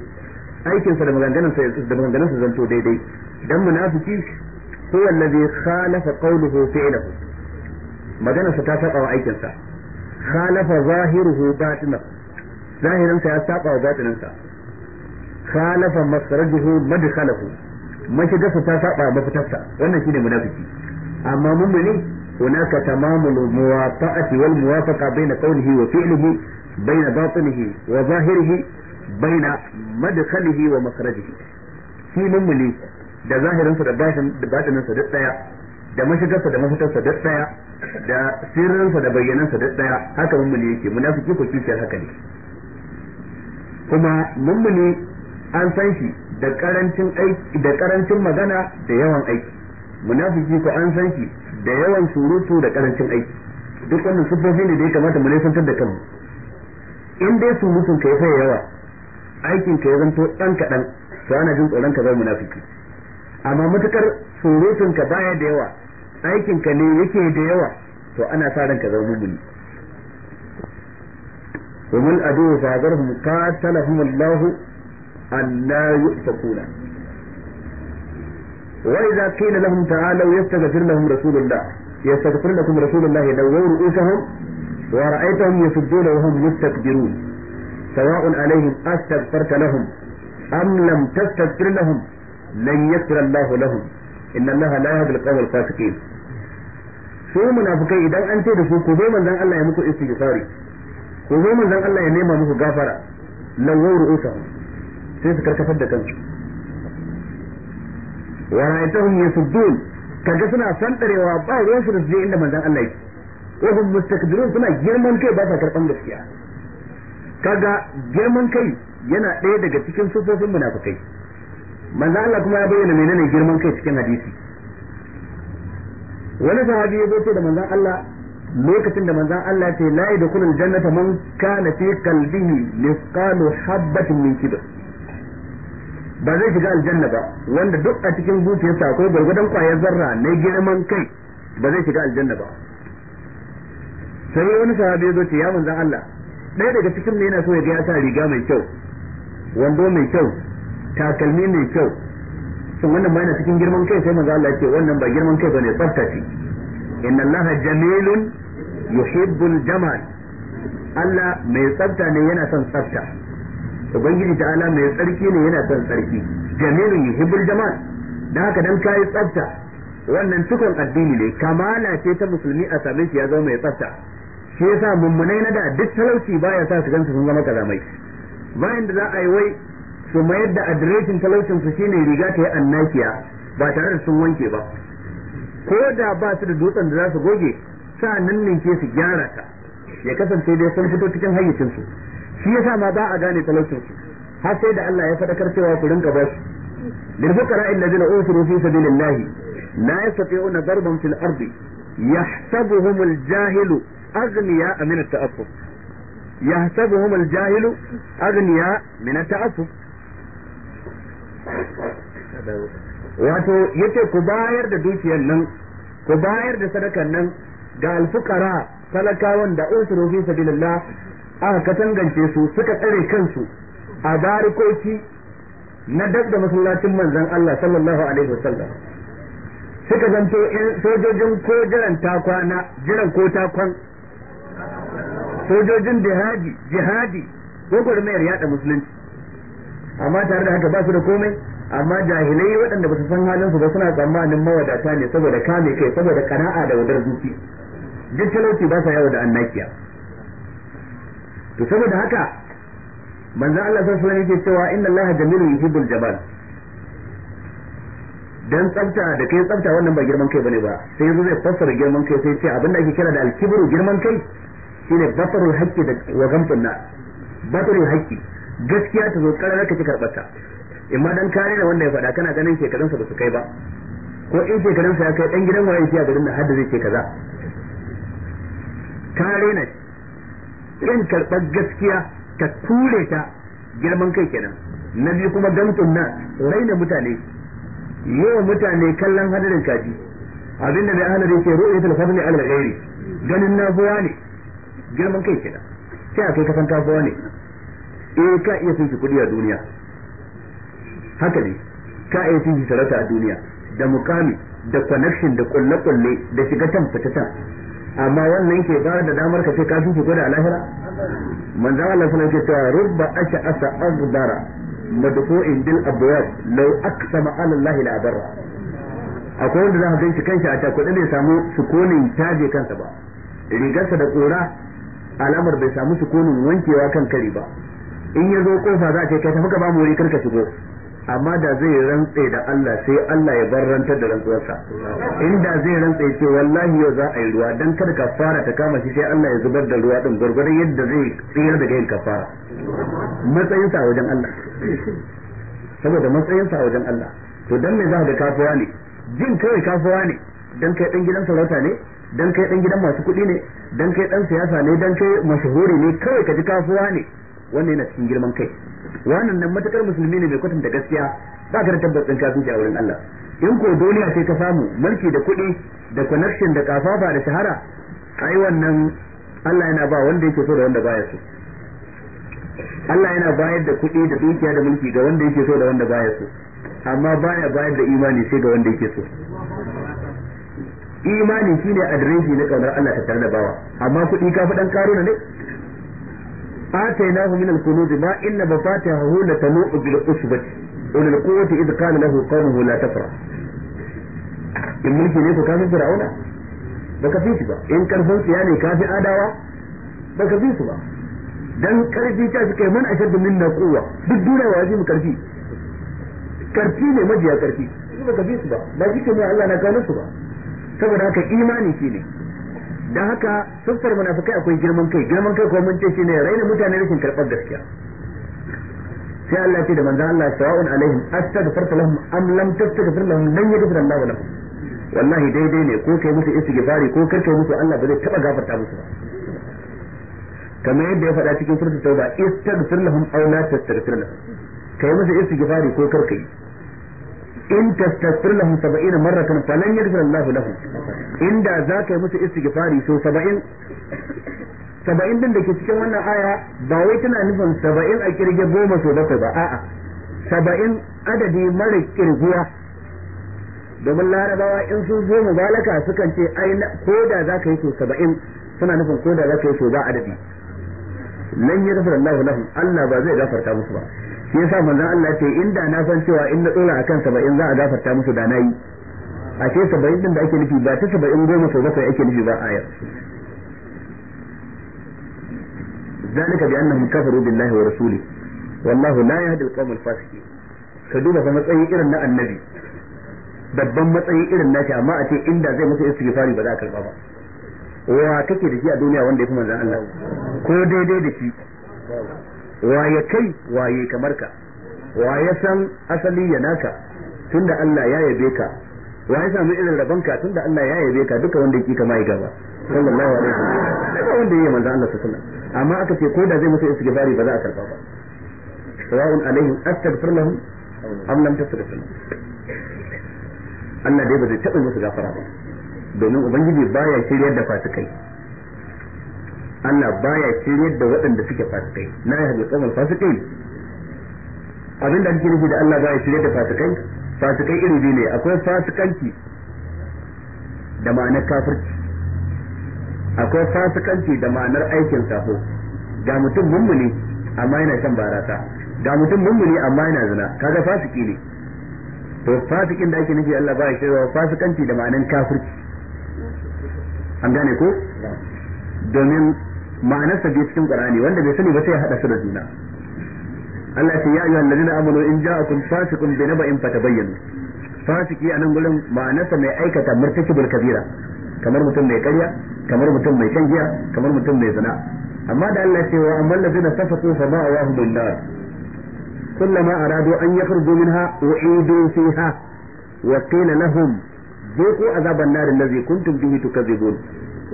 aikinsa da maganganunsa da maganganunsa zanto daidai dan munafiki huwa allazi khalafa qawluhu fi'luhu Maganansa ta saba wa aikinsa khalafa zahiruhu batinahu zahirinsa ya saba wa khalafa masrajuhu madkhalahu dafa ta saba mafitarsa wannan shine munafiki amma mummuni hunaka tamamul muwafaqati wal muwafaqa baina qawlihi wa fi'lihi baina batinihi wa zahirihi baina madkhalihi wa makhrajihi shi mummuni da zahirinsa da sa duk daya da shi dafa da mafitarsa duk daya da sirrinsa da sa duk daya haka mummuni yake munafiki ko kishiyar haka ne kuma mummuni an san shi da karancin aiki da karancin magana da yawan aiki munafiki ko an san shi da yawan surutu da karancin aiki duk wannan sifofi ne da ya kamata mu nisantar da kanmu in dai surutun ka yafa yawa aikin ka ya zanto dan kadan to ana jin tsoron ka zai munafiki amma matukar surutun ka baya da yawa aikin ka ne yake da yawa to ana sa ranka zama mumuni ومن أدوه فأذرهم قاتلهم الله أن لا يؤتكون وإذا قيل لهم تعالوا يستغفر لهم رسول الله يستغفر لكم رسول الله لووا رؤوسهم ورأيتهم يسدون وهم يستكبرون سواء عليهم أستغفرت لهم أم لم تستغفر لهم لن يغفر الله لهم إن الله لا يهدي القوم الفاسقين su munafukai idan an ce da su ku zo manzon Allah ya muku istighfari ku zo manzon Allah ya nema muku gafara sai su karkatar da kansu wa ra'aytahum yasuddun kaga suna sandarewa ba ruwan su da je inda manzon Allah yake wa hum mustakbirun suna girman kai ba sa karban gaskiya kaga girman kai yana ɗaya daga cikin sufofin munafukai. manzon Allah kuma ya bayyana menene girman kai cikin hadisi wani sahabi ya zo da manzon Allah lokacin da manzan Allah ya ce la yadkhulul jannata man kana fi qalbihi mithqalu habatin min kibr ba zai shiga aljanna ba wanda duk a cikin zuciyarsa akwai gwargwadon kwayar zarra na girman kai ba zai shiga aljanna ba sai wani sahabi ya zo ce ya manzan Allah ɗaya daga cikin ne yana so ya ga ya sa riga mai kyau wando mai kyau takalmi mai kyau sun wannan ma cikin girman kai sai manzo Allah ya ce wannan ba girman kai bane tsafta ce inna Allah jamilun yuhibbul jamal Allah mai tsafta ne yana son tsafta ubangiji ta ala mai tsarki ne yana son tsarki jamilun yuhibbul jamal dan haka dan kai tsafta wannan tukun addini ne kamala ce ta musulmi a same shi ya zama mai tsafta shi yasa mummunai na da duk talauci baya sa su gansu sun zama kazamai bayan da za a yi wai su mayar da adireshin talaucin su shine riga ta yi annakiya ba tare da sun wanke ba ko da ba su da dutsen da za su goge sa nan ninke su gyara ta ya kasance dai sun fito cikin su shi yasa ma ba a gane talaucin har sai da Allah ya fadakar cewa ku rinka ba su lil fuqara alladhina usiru fi sabilillahi la yastati'una darban fil ardi yahsabuhum al jahilu aghniya min at ta'affuf yahsabuhum al jahilu aghniya min at ta'affuf wato yace ku bayar da dukiyar nan ku bayar da sadakan nan ga alfukara talakawan da usiru fi sabilillah aka katangance su suka tsare kansu a barikoki na dab da masallacin manzon Allah sallallahu alaihi wasallam suka zanto sojojin ko jiran takwana jiran ko takwan sojojin jihadi jihadi gwagwarmayar yada musulunci amma tare da haka ba su da komai amma jahilai waɗanda ba su san halinsu ba suna tsammanin mawadata ne saboda kame kai saboda kana'a da wadar zuci duk talauci ba sa yawo da annakiya to saboda haka manzo Allah sai alaihi yake cewa inna Allah jamilun yuhibbul jabal dan tsafta da kai tsafta wannan ba girman kai bane ba sai yanzu zai fassara girman kai sai ce abinda ake kira da alkibru girman kai shine batarul haqqi da wa gamtun na batarul haqqi gaskiya ta zo karar ka ci karbata imma dan kare ne wanda ya faɗa kana ganin shekarunsa ba su kai ba ko in shekarunsa ya kai dan gidan waye shi a garin da hadda zai ce kaza kare ne kin karɓar gaskiya ka ture ta girman kai kenan na biyu kuma gantun na raina mutane yawan mutane kallon hadarin kaji abinda mai ahalari ke lafafin ne ala gairi ganin na buwa ne girman kai kenan sai a kai kasan ta buwa ne eh ka iya sun kudi a duniya haka ne ka iya fi sarauta a duniya da mukami da connection da kulle-kulle da shiga can fita amma wannan ke ba da damar ka ce ka su ko da lahira manzo Allah suna ke cewa rubba asha asa azdara in bil abwab law aqsama ala Allah la akwai wanda za ka ganci kanshi a takwada ne samu sukunin taje kansa ba rigarsa da tsora alamar bai samu sukunin wankewa kan kari ba in ya zo kofa za a ce kai tafi ka ba mu wuri karka shigo amma da zai rantse da Allah sai Allah ya barrantar da rantsuwarsa inda zai rantse ce wallahi yau za a yi ruwa dan kada kafara ta kama shi sai Allah ya zubar da ruwa din gurgurin yadda zai tsira daga yin kafara matsayinsa a wajen Allah saboda matsayinsa a wajen Allah to dan me za ka kafawa ne jin kai kafawa ne dan kai dan gidan sarauta ne dan kai dan gidan masu kuɗi ne dan kai dan siyasa ne dan kai mashahuri ne kawai ka ji kafawa ne wannan yana cikin girman kai wannan nan matakar musulmi ne mai kwatanta gaskiya ba ka da tabbacin kafinci a wurin Allah in ko duniya sai ka samu mulki da kuɗi da connection da kafafa da shahara ai wannan Allah yana ba wanda yake so da wanda baya so Allah yana bayar da kuɗi da dukiya da mulki ga wanda yake so da wanda baya so amma baya bayar da imani sai ga wanda yake so imani shine adireshi na kaunar Allah ta tare da bawa amma kuɗi ka fi dan karo ne آتيناه من الكنوز ما إن مفاتحه لتنوء بالعصبة أولي القوة إذ قال له قومه لا تفرح in mulki ne ku kafin fir'auna ba ka fi ba in karfin tsiya ne kafin adawa ba ka su ba dan karfi ta suka yi man ashaddu minna quwwa duk duniya wa mu karfi karfi ne majiya ba su ba ba Allah na gano ba saboda haka imani shine dan haka siffar munafikai akwai girman kai girman kai kuma mun ce shine raina mutane rashin karɓar gaskiya sai Allah ce da manzon Allah sawa'un alaihim astaghfirta lahum am lam tastaghfir lahum lan yaghfir Allah lahum wallahi daidai ne ko kai musu istighfari ko karkai musu Allah ba zai taba gafarta musu ba kamar yadda ya faɗa cikin surta tauba istaghfir lahum aw la tastaghfir lahum kai musu istighfari ko karkai in tastaghfir lahum 70 marratan falan yaghfir Allah lahum inda zaka yi musu istighfari so 70 saba'in din da ke cikin wannan aya ba wai tana nufin saba'in a kirge goma so bakwai ba a'a saba'in adadi mara kirguwa domin larabawa in sun zo mubalaka sukan ce ai ko da za ka yi so saba'in suna nufin ko da za ka yi so ba adadi lan yaghfir Allah lahum Allah ba zai gafarta musu ba ya yasa manzon Allah ce inda na san cewa in na a akan saba'in za a gafarta musu da na yi a ce saba'in din da ake nufi ba ta saba'in goma sau bakwai ake nufi ba a yau ayar ذلك بأنهم كفروا بالله ورسوله والله لا يهدي القوم الفاسقين كدوبة فمتأي إرن النبي babban matsayi irin nashi amma a ce inda zai musu istighfari ba za a karba ba wa kake da shi a duniya wanda ya fi manzon Allah ko daidai da shi waye kai waye kamar ka waye san asali ya naka tunda Allah ya yabe ka waye samu irin rabon ka tunda Allah ya yabe ka duka wanda yake kama ya gaba sallallahu alaihi wasallam duka wanda yake manzo Allah sallallahu alaihi wasallam amma aka ce ko da zai musu istighfari ba za a karba ba sawa'un alaihim astaghfir lahum am lam tastaghfir Allah dai ba zai taɓa musu gafara ba domin ubangiji baya shiryar da fasikai Allah baya shiryar da waɗanda suke fasikai na ya haɗe ƙasar fasikai abin da ake nufi da Allah baya shiryar da fasikai fasikai iri biyu ne akwai fasikanci da ma'anar kafirci akwai fasikanci da ma'anar aikin safo ga mutum mummuni amma yana shan barasa ga mutum mummuni amma yana zina kaga fasiki ne to fasikin da ake nufi Allah baya shiryarwa fasikanci da ma'anar kafirci an gane ko domin ma'anarsa bai cikin qur'ani wanda bai sani ba sai ya hada su da juna Allah ce ya ayyuhal ladina amanu in ja'akum fasiqun bi naba'in fatabayyanu fasiki a nan gurin ma'anarsa mai aikata murtakibul kabira kamar mutum mai karya kamar mutum mai shan giya kamar mutum mai zina amma da Allah ce wa amman ladina safaqu fa ma'awahum bin nar kullama aradu an yakhruju minha u'idu fiha wa qila lahum ذوقوا عذاب النار الذي كنتم به تكذبون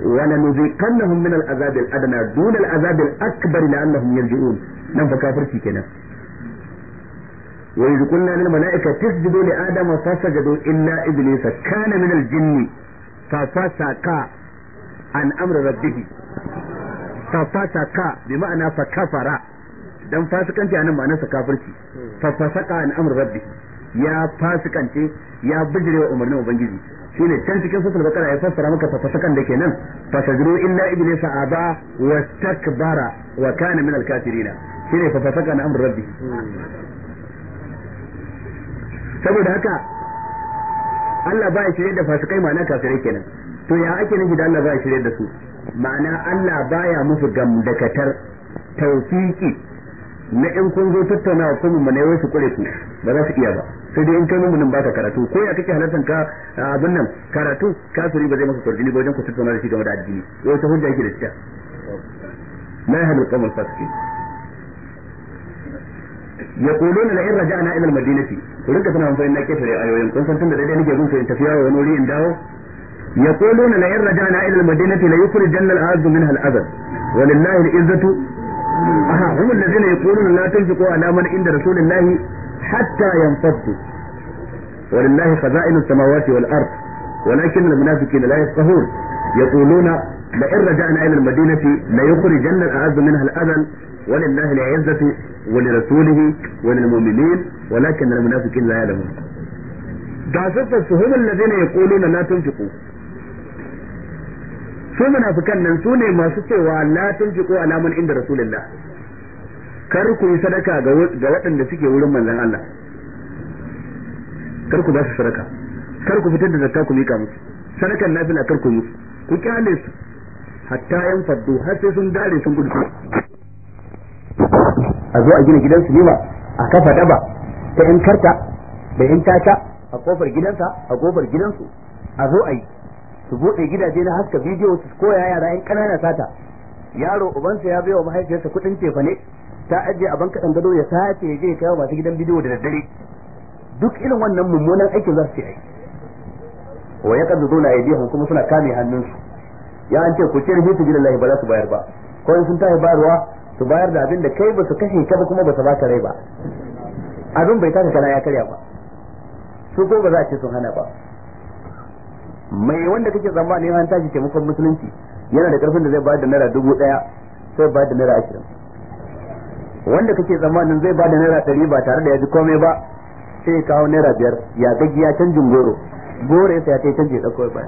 ولنذيقنهم من العذاب الأدنى دون العذاب الأكبر لعلهم يرجعون نعم فكافرتي كنا وإذ قلنا للملائكة تسجدوا لآدم فسجدوا إلا إبليس كان من الجن ففسق عن أمر ربه ففسق بمعنى فكفر dan fasikanci anan ma'ana sa kafirci fa fasaka an amr rabbi ya fasikance ya bijirewa umarnin ubangiji shine can cikin sura bakara ya fassara maka fasakan da kenan fasajru illa iblisa aba takbara wa kana min alkafirina shine fasaka na amr rabbi saboda haka Allah ba ya shirye da fasikai ma'ana kafirai kenan to ya ake nufi da Allah ba ya shirye da su ma'ana Allah baya musu gamdakatar tawfiki na in kun zo tattaunawa ko mun ne wai su kure ku ba za su iya ba sai dai in kai mun ba ka karatu ko ya kake halartar ka abin nan karatu kafiri ba zai maka kurdini ba wajen ku tattauna da shi game da addini wai ta hujja yake da ita la hadu al-qawm al-fasiqin yaquluna la in raja'na ila al-madinati ku rinka suna amfani na kefare ayoyin kun san tun da dai nake gun in tafiya wa wani wuri in dawo يقولون لئن رجعنا الى المدينه ليخرجن الاعز منها yukhrijanna ولله العزة هم الذين يقولون لا تنفقوا على من عند رسول الله حتى ينفضوا ولله خزائن السماوات والأرض ولكن المنافقين لا يفقهون يقولون لئن رجعنا إلى المدينة ليخرجن الأعز منها الأذل ولله العزة ولرسوله وللمؤمنين ولكن المنافقين لا يعلمون. ga هم الذين يقولون لا تنفقوا su munafikan nan su ne masu cewa la tunfiqu ala man inda rasulillah kar ku yi sadaka ga waɗanda suke wurin manzon Allah kar ku ba su sadaka kar ku fitar da zakka ku mika musu sadakan nafila kar ku musu ku kyale su hatta yan faddu har sai sun dare sun gudu a zo a gina gidan su ba a kafa daba ta yan karta da yan tata a kofar gidansa a kofar gidansu a zo a yi su bude gidaje na haska bidiyo su koya yara yan kanana sata yaro ubansa ya baiwa mahaifiyarsa kudin tefa ne ta ajiye a banka gado ya sace ya je kai masu gidan bidiyo da daddare duk irin wannan mummunan aikin za su yi wa ya kaddu na aidihum kuma suna kame hannunsu ya an ce ku ce rubutu gidan lahi ba za su bayar ba ko in sun tafi bayarwa su bayar da abin da kai ba su kashe ka ba kuma ba su baka rai ba abin bai taka kana ya karya ba su ko ba za a ce sun hana ba mai wanda kake ne an tashi taimakon musulunci yana da karfin da zai bada da naira dubu daya sai bada da naira ashirin wanda kake zamanin zai bada naira ɗari ba tare da ya ji komai ba sai ya kawo naira biyar ya gaji ya canjin goro goro ya saya ta canji da kawai baya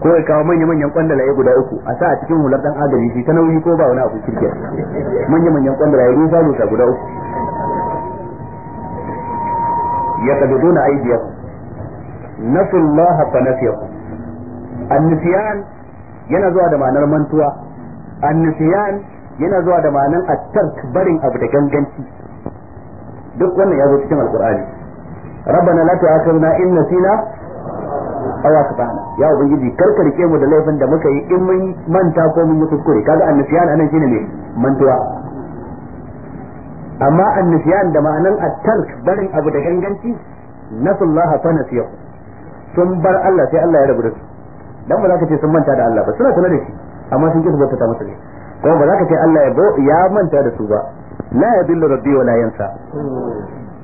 ko ya kawo manya manyan kwandalaye guda uku a sa a cikin hular dan agaji shi ta nauyi ko ba wani abu kirkiya manya manyan kwandalaye rufa lusa guda uku ya kaji dona aidiyar nasu Allah fa nasiyahu annisiyan yana zuwa da ma'anar mantuwa annisiyan yana zuwa da ma'anar attark barin abu da ganganci duk wannan ya zo cikin alqur'ani rabbana la tu'akhidna in nasina aw akhtana ya ubangiji karkarke mu da laifin da muka yi in mun manta ko mun kuskure kaga annisiyan anan shine ne mantuwa amma annisiyan da ma'anar attark barin abu da ganganci sun bar Allah sai Allah ya rabu da su dan ba za ka ce sun manta da Allah ba suna kula da shi amma sun kisa bauta ta masa ne kuma ba za ka ce Allah ya manta da su ba la yadillu rabbi wa la yansa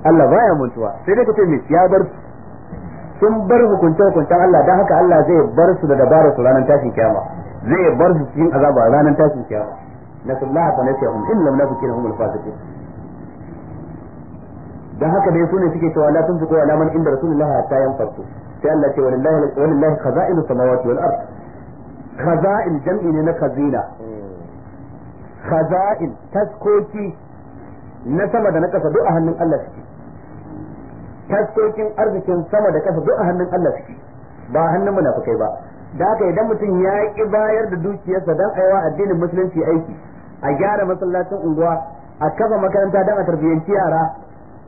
Allah baya mantuwa sai dai ka ce me ya bar sun bar hukunce hukuncen Allah dan haka Allah zai bar su da dabarar su ranar tashin kiyama zai bar su cikin azaba ranar tashin kiyama nasullaha fa nasihum illa munafiqina humul fasiqun dan haka dai sune suke cewa la tunfiqu ala man inda rasulullahi hatta yanfasu sai Allah ce walillahi walillahi khaza'inu samawati wal ard khaza'in jam'i ne na khazina khaza'in taskoki na sama da na kasa duk a hannun Allah suke taskokin arzikin sama da kasa duk a hannun Allah suke ba hannun munafikai ba da haka idan mutum ya ki bayar da dukiyarsa don a dan aiwa addinin musulunci aiki a gyara masallacin unguwa a kafa makaranta don a tarbiyyanci yara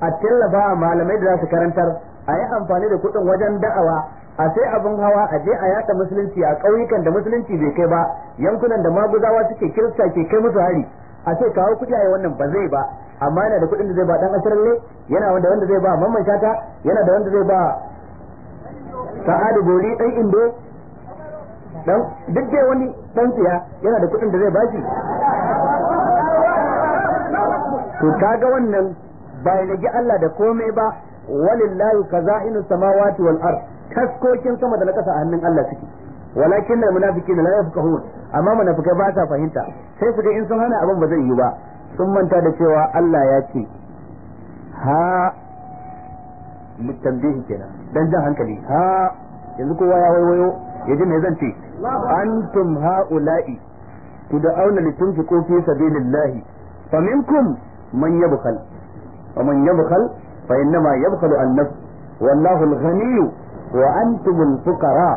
a tallafa malamai da za su karantar a yi amfani da kuɗin wajen da'awa a sai abin hawa a je a yada musulunci a ƙauyukan da musulunci bai kai ba yankunan da maguzawa suke kirista ke kai musu hari a ce kawo kuɗi a yi wannan ba zai ba amma yana da kuɗin da zai ba dan ne yana wanda wanda zai ba mamman shata yana da wanda zai ba sa'adu gori dan indo dan duk dai wani dan tsiya yana da kuɗin da zai ba shi to kaga wannan bai rage Allah da komai ba walillahi kaza'inus samawati wal ard kaskokin sama da na kasa a hannun Allah suke walakin na munafiki la yafqahun amma munafikai ba ta fahimta sai su ga in sun hana abin ba zai yi ba sun manta da cewa Allah ya ce ha mutambihi kenan dan jan hankali ha yanzu kowa ya waiwayo yaji me zan ce antum haula'i tud'auna litunfiqu fi sabilillahi faminkum man yabkhal wa man yabkhal fa nama yabkhalu an nafs wallahu al-ghani wa antum al-fuqara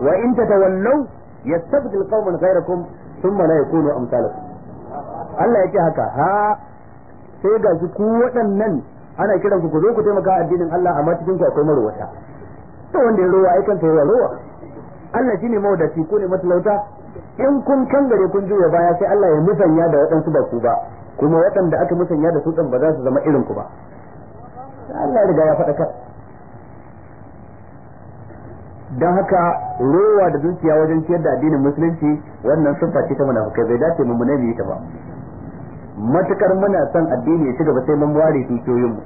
wa in tatawallaw yastabdil qauman ghayrakum thumma Allah haka ha sai ga ku waɗannan ana kiran ku ku zo ku taimaka addinin Allah amma cikin ku akwai marwata to wanda ya rowa aikan ta ya rowa Allah shine mawadaci ko ne matalauta in kun gare kun juya baya sai Allah ya musanya da waɗansu ba ku ba kuma waɗanda aka musanya da su ɗan ba za su zama irin ku ba Allah riga ya faɗakar don haka rowa da zuciya wajen ciyar da addinin musulunci wannan siffa ce ta munafukai bai dace mu munai yi ta ba matukar muna son addini ya ci gaba sai mun ware dukiyoyin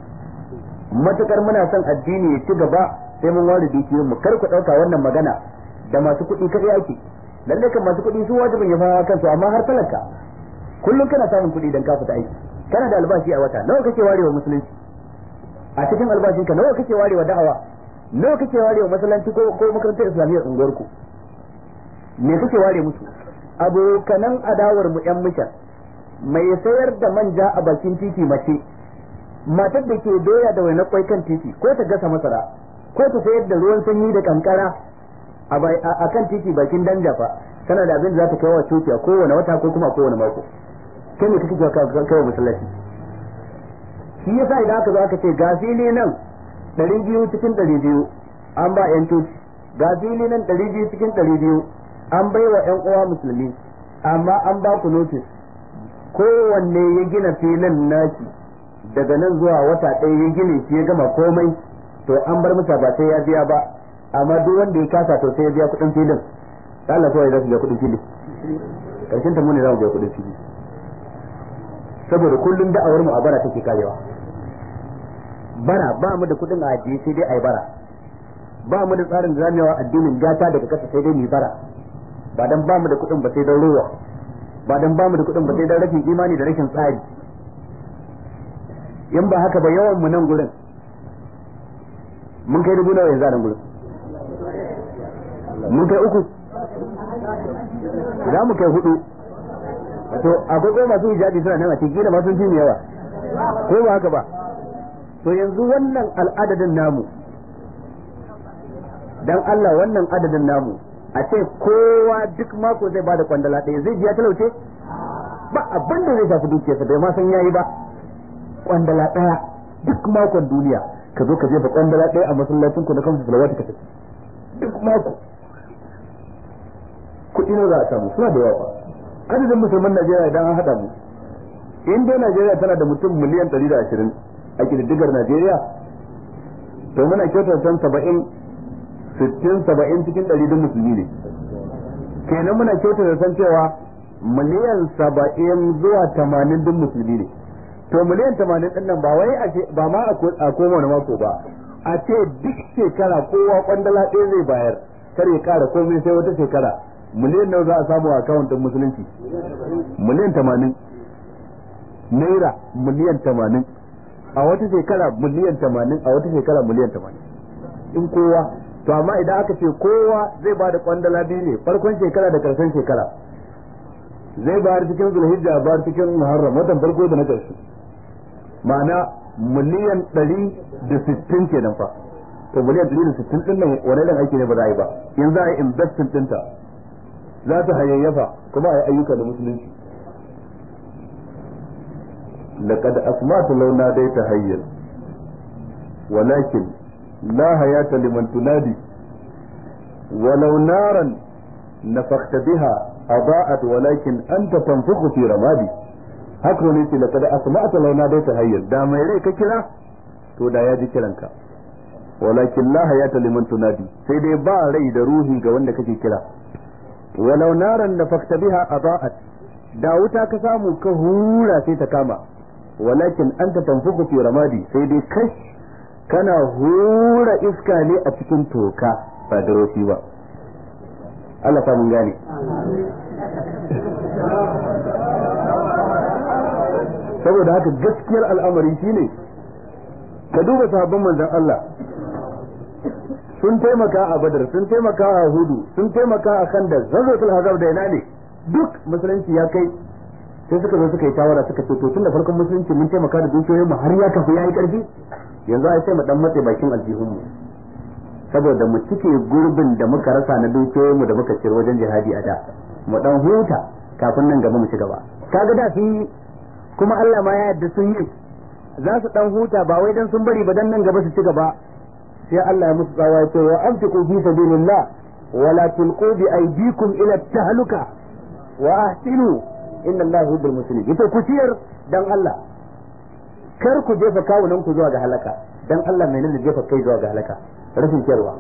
mu matukar muna son addini ya ci gaba sai mun ware dukiyoyin mu kar ku dauka wannan magana da masu kuɗi kai ake lalle kan masu kuɗi su wajibin ya fara kansu amma har talaka kullum kana samun kuɗi dan ka fita aiki kana da albashi a wata nawa kake warewa musulunci a cikin albashin ka nawa kake warewa da'awa nawa kake warewa masallaci ko ko makarantar islamiyya unguwar me kake ware musu abokanan adawar mu yan mishan mai sayar da manja a bakin titi mace matar da ke doya da wani kwai kan titi ko ta gasa masara ko ta sayar da ruwan sanyi da kankara a kan titi bakin danja fa tana da abin da za ta kai wa cokiya kowane wata ko kuma kowane mako kai ne kake kai masallaci shi yasa idan aka zo aka ce ga fili nan ɗari biyu cikin ɗari biyu an ba yan tuci ga fili nan ɗari biyu cikin ɗari biyu an bai wa yan uwa musulmi amma an ba ku notice kowanne ya gina filin naki daga nan zuwa wata ɗaya ya gine shi ya gama komai to an bar masa ba sai ya biya ba amma duk wanda ya kasa to sai ya biya kuɗin filin Allah sai za biya kuɗin filin karshen ta mu ne za mu biya kuɗin filin saboda kullum da'awar mu a bara take karewa bara ba mu da kuɗin a ajiye sai dai ai bara ba mu da tsarin zamewa addinin gata daga kasa sai dai mu bara ba dan ba mu da kuɗin ba sai dan ruwa ba dan ba mu da kuɗin ba sai dan rashin imani da rashin tsari in ba haka ba yawan mu nan gurin mun kai dubu nawa yanzu a nan gurin mun kai uku za mu kai hudu to akwai masu hijabi suna nan a cikin da masu fi yawa ko ba haka ba to yanzu wannan al'adadin namu dan Allah wannan adadin namu a ce kowa duk mako zai bada kwandala ɗaya zai biya talauce ba abin da zai shafi dukiyarsa bai ma san yayi ba kwandala ɗaya duk makon duniya ka zo ka jefa kwandala ɗaya a masallacin ku na kamsu salawatu ka tafi duk mako kuɗi ne za a samu suna da yawa adadin musulman Najeriya idan an haɗa mu in dai Najeriya tana da mutum miliyan ɗari da ashirin a kididdigar Najeriya to muna kyautar san saba'in sittin saba'in cikin ɗari don musulmi ne kenan muna kyautar san cewa miliyan saba'in zuwa tamanin don musulmi ne to miliyan tamanin ɗin nan ba wai ba ma a koma wani mako ba a ce duk shekara kowa kwandala ɗaya zai bayar kar ya ƙara komai sai wata shekara miliyan nawa za a samu a akawun ɗin musulunci miliyan tamanin naira miliyan tamanin a wata shekara miliyan tamanin a wata shekara miliyan tamanin in kowa to amma idan aka ce kowa zai ba da kwandala biyu ne farkon shekara da karshen shekara zai bayar cikin zulhijja bayar cikin muharram watan farko da na karshe ma'ana miliyan ɗari da sittin kenan fa to miliyan ɗari da sittin ɗin nan wani dan aiki ne ba za a yi ba yanzu a yi investin ɗinta za ta hayayyafa kuma a yi ayyuka da musulunci لقد أسمعت لو ناديت هيا ولكن لا حياة لمن تنادي ولو نارا نفخت بها أضاءت ولكن أنت تنفخ في رمادي haka ne ce laqad asma'ta law nadaita hayyan da mai rai ka kira to da ya ji kiranka walakin la hayata liman tunadi sai dai ba rai da ruhi ga wanda kake kira naran biha adaat da wuta ka samu ka hura sai ta kama walakin anta tanfuku fi ramadi sai dai kai kana hura iska ne a cikin toka ba da rofi ba Allah ta mun saboda haka gaskiyar al'amari shine ka duba sabon manzon Allah sun taimaka a badar sun taimaka a hudu sun taimaka a kan da zazzatul hazab da yana ne duk musulunci ya kai sai suka zo suka yi shawara suka ce to tun da farkon musulunci mun taimaka da dukiyoyin mu har ya kafu yayi karfi yanzu ai sai mu dan matse bakin aljihun mu saboda mu cike gurbin da muka rasa na dukiyoyin mu da muka ciro wajen jihadi a da mu dan huta kafin nan gaba mu ci gaba kaga da sun kuma Allah ma ya yarda sun yi za su dan huta ba wai dan sun bari ba dan nan gaba su ci gaba sai Allah ya musu tsawa ya ce wa amtiku fi sabilillah wala tulqu bi aydikum ila tahluka wa ahsinu inna Allah yuhibbul muslimin yace ku ciyar dan Allah kar ku jefa kawunan ku zuwa ga halaka dan Allah mai nan jefa kai zuwa ga halaka rashin ciyarwa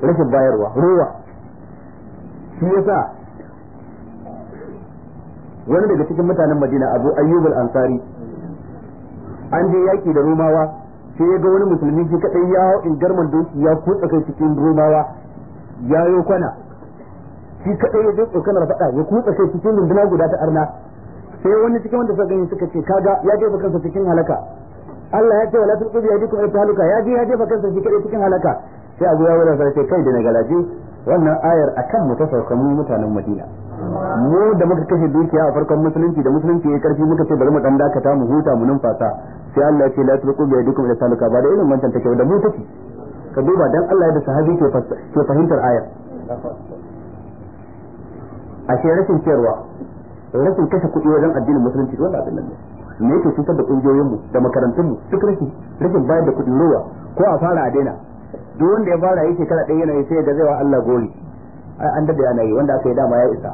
rashin bayarwa ruwa shi yasa wani daga cikin mutanen Madina Abu Ayyub al-Ansari an je yaki da Romawa sai ya ga wani musulmi shi kadai ya hau in garman doki ya kutsa kai cikin Romawa ya yo kwana shi kadai ya je tsokanar faɗa ya kutsa kai cikin runduna guda ta arna sai wani cikin wanda suka gani suka ce kaga ya jefa kansa cikin halaka Allah ya ce wala tulqu bi yadikum ila tahaluka ya je ya jefa kansa shi kadai cikin halaka sai Abu Yawla sai ce kai da na galaje wannan ayar akan mu ta sauka mu mutanen Madina mu da muka kashe dukiya a farkon musulunci da musulunci ya karfi muka ce bari mu dan dakata mu huta mu numfasa sai Allah ya ce la tulqu bi yadikum ila tahaluka ba da irin wancan take da mu take ka duba dan Allah ya da sahabi ke fahimtar ayar ashe rashin ciyarwa rashin kashe kuɗi wajen addinin musulunci wannan abin nan ne me yake cutar da kungiyoyin mu da makarantun mu duk rashin rashin bayar da kuɗin ruwa ko a fara a daina duk wanda ya fara yi shekara ɗaya yana yi sai ga zai Allah gori ai an dade ana yi wanda aka yi dama ya isa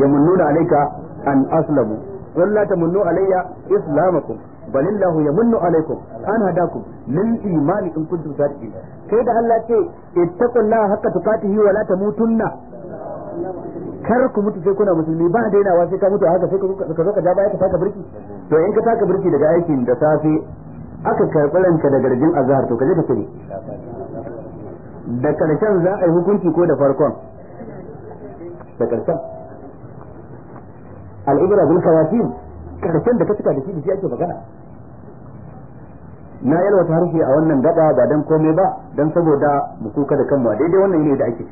ya munnuna alayka an aslamu qul la tamunnu alayya islamakum bal illahu yamunnu alaykum an hadakum lil imani in kuntum sadiqin kai da Allah ce ittaqullaha haqqa tuqatihi wa la tamutunna kar ku mutu sai kuna musulmi ba dainawa sai ka mutu haka sai ka zo ka ja baya ka taka birki to in ka taka birki daga aikin da safe aka karɓi ranka da garjin azhar to ka je ka cire da karshen za a yi hukunci ko da farkon da karshen al'ibra bil kawasim karshen da ka cika da shi da shi ake magana na yalwata harshe a wannan gaba ba dan komai ba dan saboda mu kuka da kanmu daidai wannan ne da ake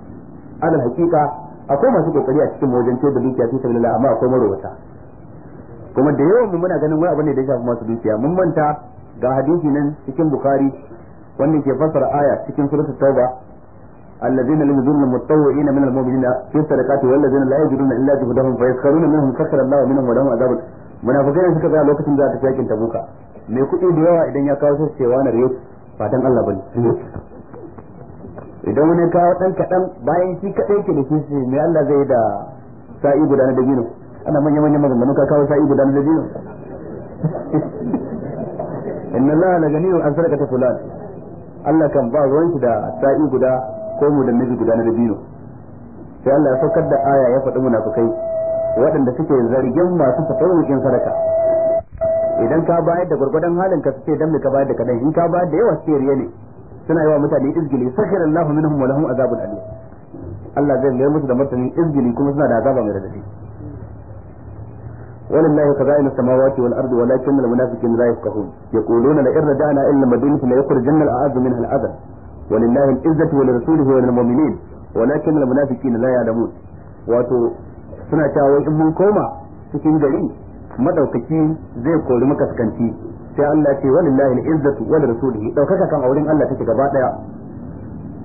alal hakika akwai masu kokari a cikin wajen ce da dukiya fi sabilillah amma akwai marowata kuma da yawan mu muna ganin wani abu ne da ya shafi masu dukiya mun manta ga hadisi nan cikin bukari wanda ke fassara aya cikin suratul tauba الذين لا يجدون المتطوعين من المؤمنين في الصدقات والذين لا يجدون الا جهدهم فيسخرون منهم سخر الله منهم ولهم عذاب suka ga lokacin da ta yakin tabuka mai kuɗi da yawa idan ya kawo sai cewa na riyo fatan Allah bane idan wani kawo dan kaɗan bayan shi kaɗai ke da kishi mai me Allah zai da sa'i guda na dabino ana manya manya maganganu ka kawo sa'i guda na dabino inna Allah la ganiyun an sarqata fulan Allah kan ba ruwan shi da sa'i guda ko mu da miji guda na dabino sai Allah ya saukar da aya ya faɗi munafikai waɗanda suke zargin masu fatawukin sadaka idan ka bayar da gwargwadon halin ka suke dan ka bayar da kadan in ka bayar da yawa sai riye ne suna yawa mutane izgili sakhira Allahu minhum wa lahum azabun alim Allah zai mayar musu da martani izgili kuma suna da azaba mai radadi ولله خزائن السماوات والارض ولكن المنافقين لا يفقهون يقولون لئن رجعنا الى المدينه ليخرجن الاعز منها الاذى ولله العزه ولرسوله وللمؤمنين ولكن المنافقين لا يعلمون wato suna cewa in mun koma cikin gari madaukaki zai kori makaskanci sai Allah ce walillahi al-izzatu wa rasulihi daukaka kan auren Allah take gaba daya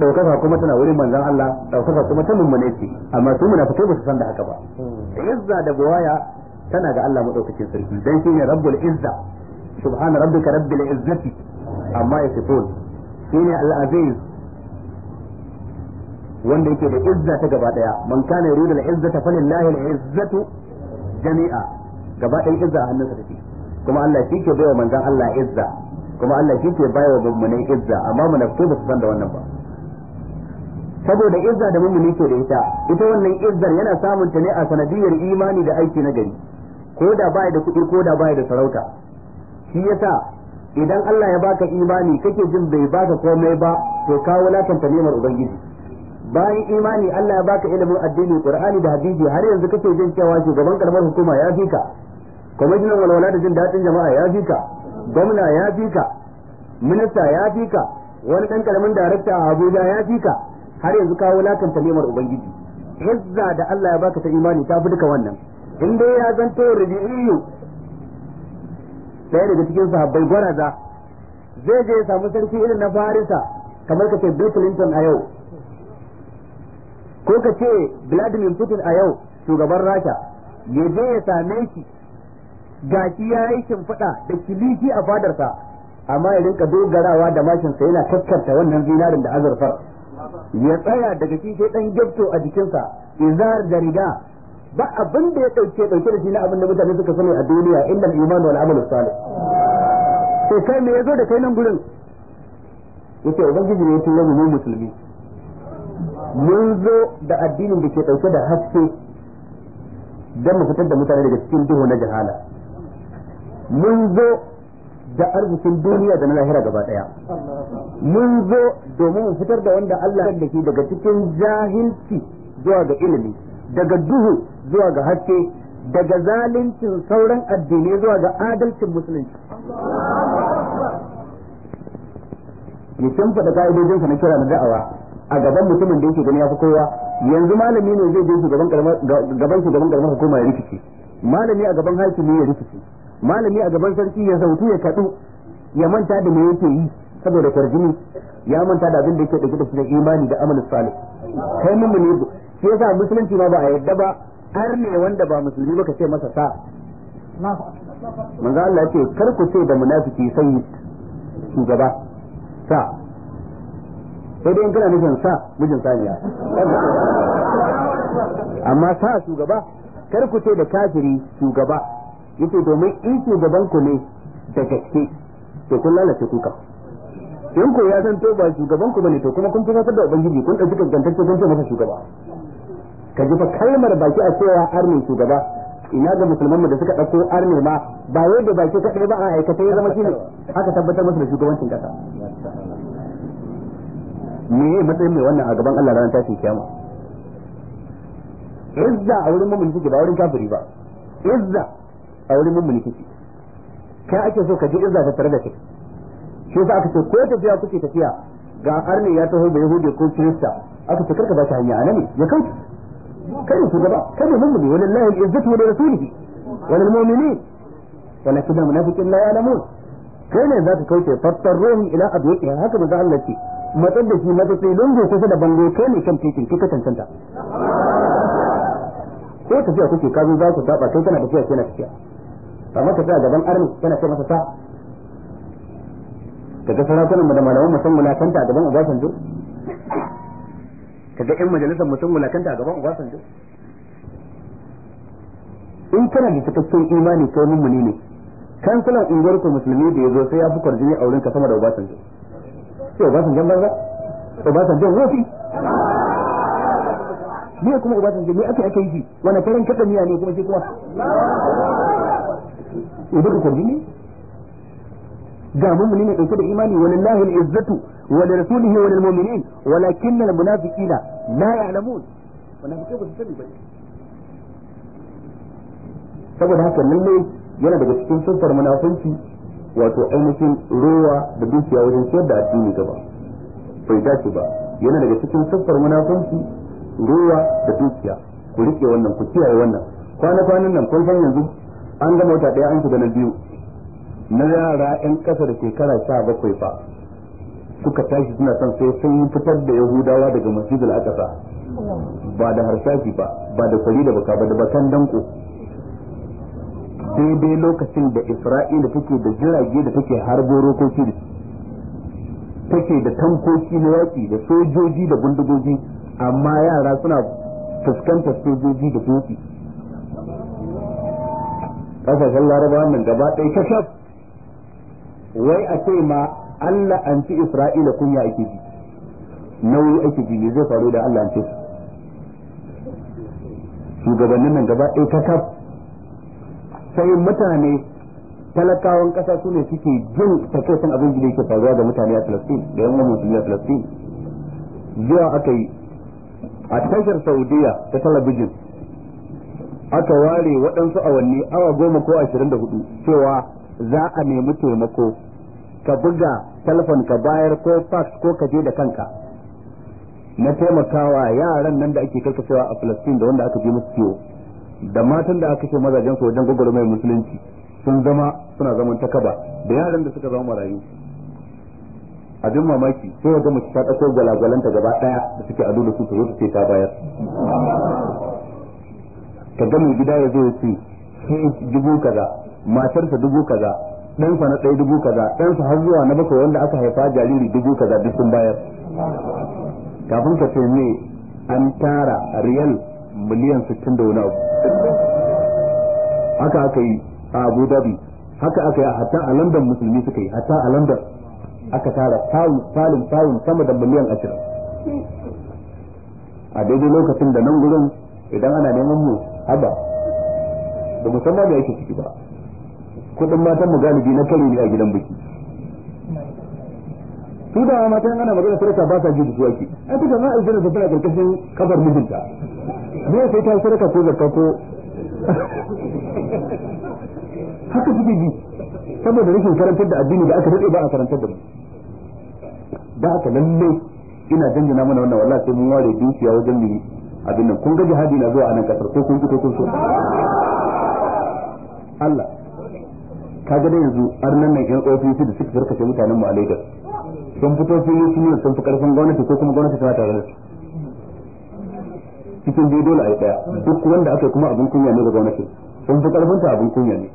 daukaka kuma tana wurin manzon Allah daukaka kuma ta mummune ce amma su munafikai ba su san da haka ba izza da buwaya tana ga Allah madaukakin sarki dan shine rabbul izza subhana rabbika rabbil izzati amma yasifun shine al-aziz wanda yake da izza ta gaba daya man kana yuridu al-izzata falillahi al-izzatu jami'a gaba ɗaya izza a hannunsa take kuma Allah shi ke baiwa manzon Allah izza kuma Allah shi ke baiwa mummunai izza amma na ba su san da wannan ba saboda izza da mummuni ke da ita ita wannan izzar yana samun ta ne a sanadiyar imani da aiki na gari ko da bai da kuɗi ko da bai da sarauta shi yasa idan Allah ya baka imani kake jin bai baka komai ba to ka ta nemar ubangiji bayan imani Allah ya baka ilimin addini Qur'ani da hadisi har yanzu kake jin cewa shugaban karamar hukuma ya fika kwamishinan walwala da jin daɗin jama'a ya fi ka gwamna ya fi ka minista ya fi ka wani ɗan ƙaramin darakta a abuja ya fi ka har yanzu kawo latin talimar ubangiji hizza da allah ya baka ta imani ta fi duka wannan in dai ya zanto rabi'iyyu ɗaya daga cikin sahabbai gwaraza zai je ya samu sarki irin na farisa kamar ka ce bill clinton a yau ko ka ce vladimir putin a yau shugaban rasha ya je ya same shi gashi ya yi shimfiɗa da kiliki a fadarsa amma ya rinka dogarawa da mashinsa yana tattarta wannan zinarin da azurfar ya tsaya daga shi sai dan gyafto a jikinsa izar da riga ba abin da ya dauke dauke da shi na abin da mutane suka sani a duniya inda iman wal amal salih sai kai me yazo da kai nan gurin yace ubangiji ne ya tura mu musulmi mun zo da addinin da ke dauke da haske dan mu fitar da mutane daga cikin duhu na jahala mun zo da arzikin duniya da na lahira gaba daya mun zo domin mu fitar da wanda Allah da ke daga cikin jahilci zuwa ga ilimi daga duhu zuwa ga haske daga zalincin sauran addinai zuwa ga adalcin musulunci ya ka'idojin sa na kira na da'awa a gaban mutumin da yake gani ya fi kowa yanzu malami ne zai je gaban shugaban karamar hukuma ya rikici malami a gaban hakimi ya rikici malami a gaban sarki ya zautu ya kadu ya manta da me yake yi saboda tarjini ya manta da abin da yake dauke da shi imani da amal salih kai mun ne shi yasa musulunci ma ba a yadda ba har ne wanda ba musulmi ba ka ce masa sa manzo Allah ya ce kar ku ce da munafiki sai shugaba sa sai dai kana nufin sa mijin saniya amma sa shugaba kar ku ce da kafiri shugaba yace domin in shugaban ku ne da gaske to kun lalace kuka in ko ya san to ba shugaban ku bane to kuma kun tunatar da ubangiji kun dauki gantance kun ce masa shugaba ka ji fa kalmar baki a cewa armin shugaba ina ga musulman mu da suka dauko armin ma ba wai da baki kadai ba a aikata ya zama shine aka tabbatar masa da shugabancin kasa me matsayin mai wannan a gaban Allah ranar tashin kiyama izza a wurin mumin take ba wurin kafiri ba izza a wurin mummuni take kai ake so ka ji izza ta tare da kai shi yasa aka ce ko tafiya kuke tafiya ga arni ya taho da yahudi ko kirista aka ce karka ba shi hanya anani ya kauce kai ne shugaba kai ne mummuni walillahi al-izzatu wa rasulihi wa lil mu'minin walakin al-munafiqin la ya'lamun kai ne zaka kauce fattarruhum ila adwiqiha haka manzo Allah ce matsar da shi matsatsi lungu kusa da bango kai ne kan titin kika tantanta ko tafiya kuke ka zo za ku saba kai kana tafiya kai na tafiya amma ka tsaya gaban arni kana ce masa sa kaga sarakunan mu da malaman mu sun mulakanta a gaban Obasanjo kaga ƴan majalisar mu sun mulakanta a gaban Obasanjo in kana da cikakken imani kai muni ne kansalan unguwar ku musulmi da yazo sai ya fi kwarjini a wurin ka sama da Obasanjo sai Obasanjo banza Obasanjo wofi Ni kuma Obasanjo ne ake ake yi wani karin kaɗa miya ne kuma shi kuma in duka kurji ne ga mummuni ne dauke da imani walillahi al-izzatu wa li rasulihi wa lil mu'minin walakin al munafiqina la ya'lamun munafiqai ba su sani ba saboda haka lalle yana daga cikin siffar munafunci wato ainihin rowa da dukiya wajen ciyar da addini gaba bai dace ba yana daga cikin siffar munafunci rowa da dukiya ku rike wannan ku kiyaye wannan kwana kwanan nan kun san yanzu an gama wata ɗaya an shiga na biyu na yara yan ƙasa da shekara sha bakwai fa suka tashi suna son sai sun fitar da yahudawa daga masjidul aqsa ba da harshashi ba ba da kwari da baka ba da bakan danko sai dai lokacin da isra'ila take da jirage da take harbo rokoki da take da tankoki na yaƙi da sojoji da bindigogi amma yara suna fuskantar sojoji da doki kasashen laraba wannan gaba ɗaya kashaf wai a ce ma Allah an ci Isra'ila kunya ake ji nauyi ake ji ne zai faru da Allah an ce shugabannin nan gaba ɗaya kashaf sai mutane talakawan ƙasa su ne suke jin takaitan abin da yake faruwa da mutane a Falastin da yan ne a Falastin zuwa aka yi a tashar Saudiya ta talabijin aka ware waɗansu awanni awa goma ko ashirin da hudu cewa za a nemi taimako ka buga telefon ka bayar ko fax ko ka je da kanka na taimakawa yaran nan da ake karkacewa a Falastin da wanda aka je musu ciwo da matan da aka ce mazajen su wajen mai musulunci sun zama suna zaman takaba da yaran da suka zama marayu abin mamaki sai ga mace ta ɗauko gwalagwalanta gaba ɗaya da suke ado da su ta yi ta bayar ka ga gida ya zo ya ce dubu kaza matarsa dubu kaza ɗansa na ɗaya dubu kaza ɗansa har zuwa na bakwai wanda aka haifa jariri dubu kaza duk sun bayar kafin ka ce me an tara riyal miliyan sittin da wani abu haka aka yi a abu dhabi haka aka yi hatta a london musulmi suka yi hatta a london aka tara falin falin sama da miliyan ashirin a daidai lokacin da nan gurin idan ana neman mu haba da musamman da yake ciki ba kudin matan mu galibi na kare ne a gidan biki su da mata ana magana sarka ba sa ji da su ake ai duka ma aljanna ta tana karkashin kabar mijinta me sai ta sarka ko zakka ko haka suke ji saboda rashin karantar da addini da aka daɗe ba a karantar da mu da haka lalle ina janjina mana wannan wallahi sai mun ware dukiya wajen mu abin nan kun ga jihadi na zuwa a nan kasar ko kun fito kun so Allah ga da yanzu arnan nan yan ofisi da suka karkace mutanen mu a Lagos sun fito sun yi sun sun fi karfin gwamnati ko kuma gwamnati ta tare da su cikin dai dole a yi daya duk wanda aka kuma abin kunya ne ga gwamnati sun fi karfin ta abin kunya ne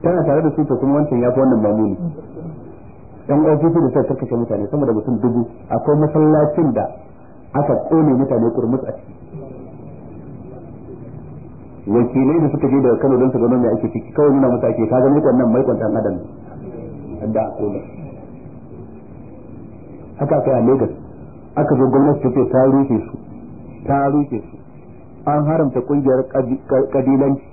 tana tare da su ta kuma wancan ya fi wannan mamuni yan ofisi da suka karkace mutane sama da mutum dubu akwai masallacin da aka kone mutane kurmus a ciki wakilai da suka je daga Kano don su ga me ake ciki kawai nuna masa ake kaga mai nan mai kwantan adam da akola haka kai a Lagos aka zo gwamnati ta ce ta rufe su ta rufe su an haramta kungiyar kabilanci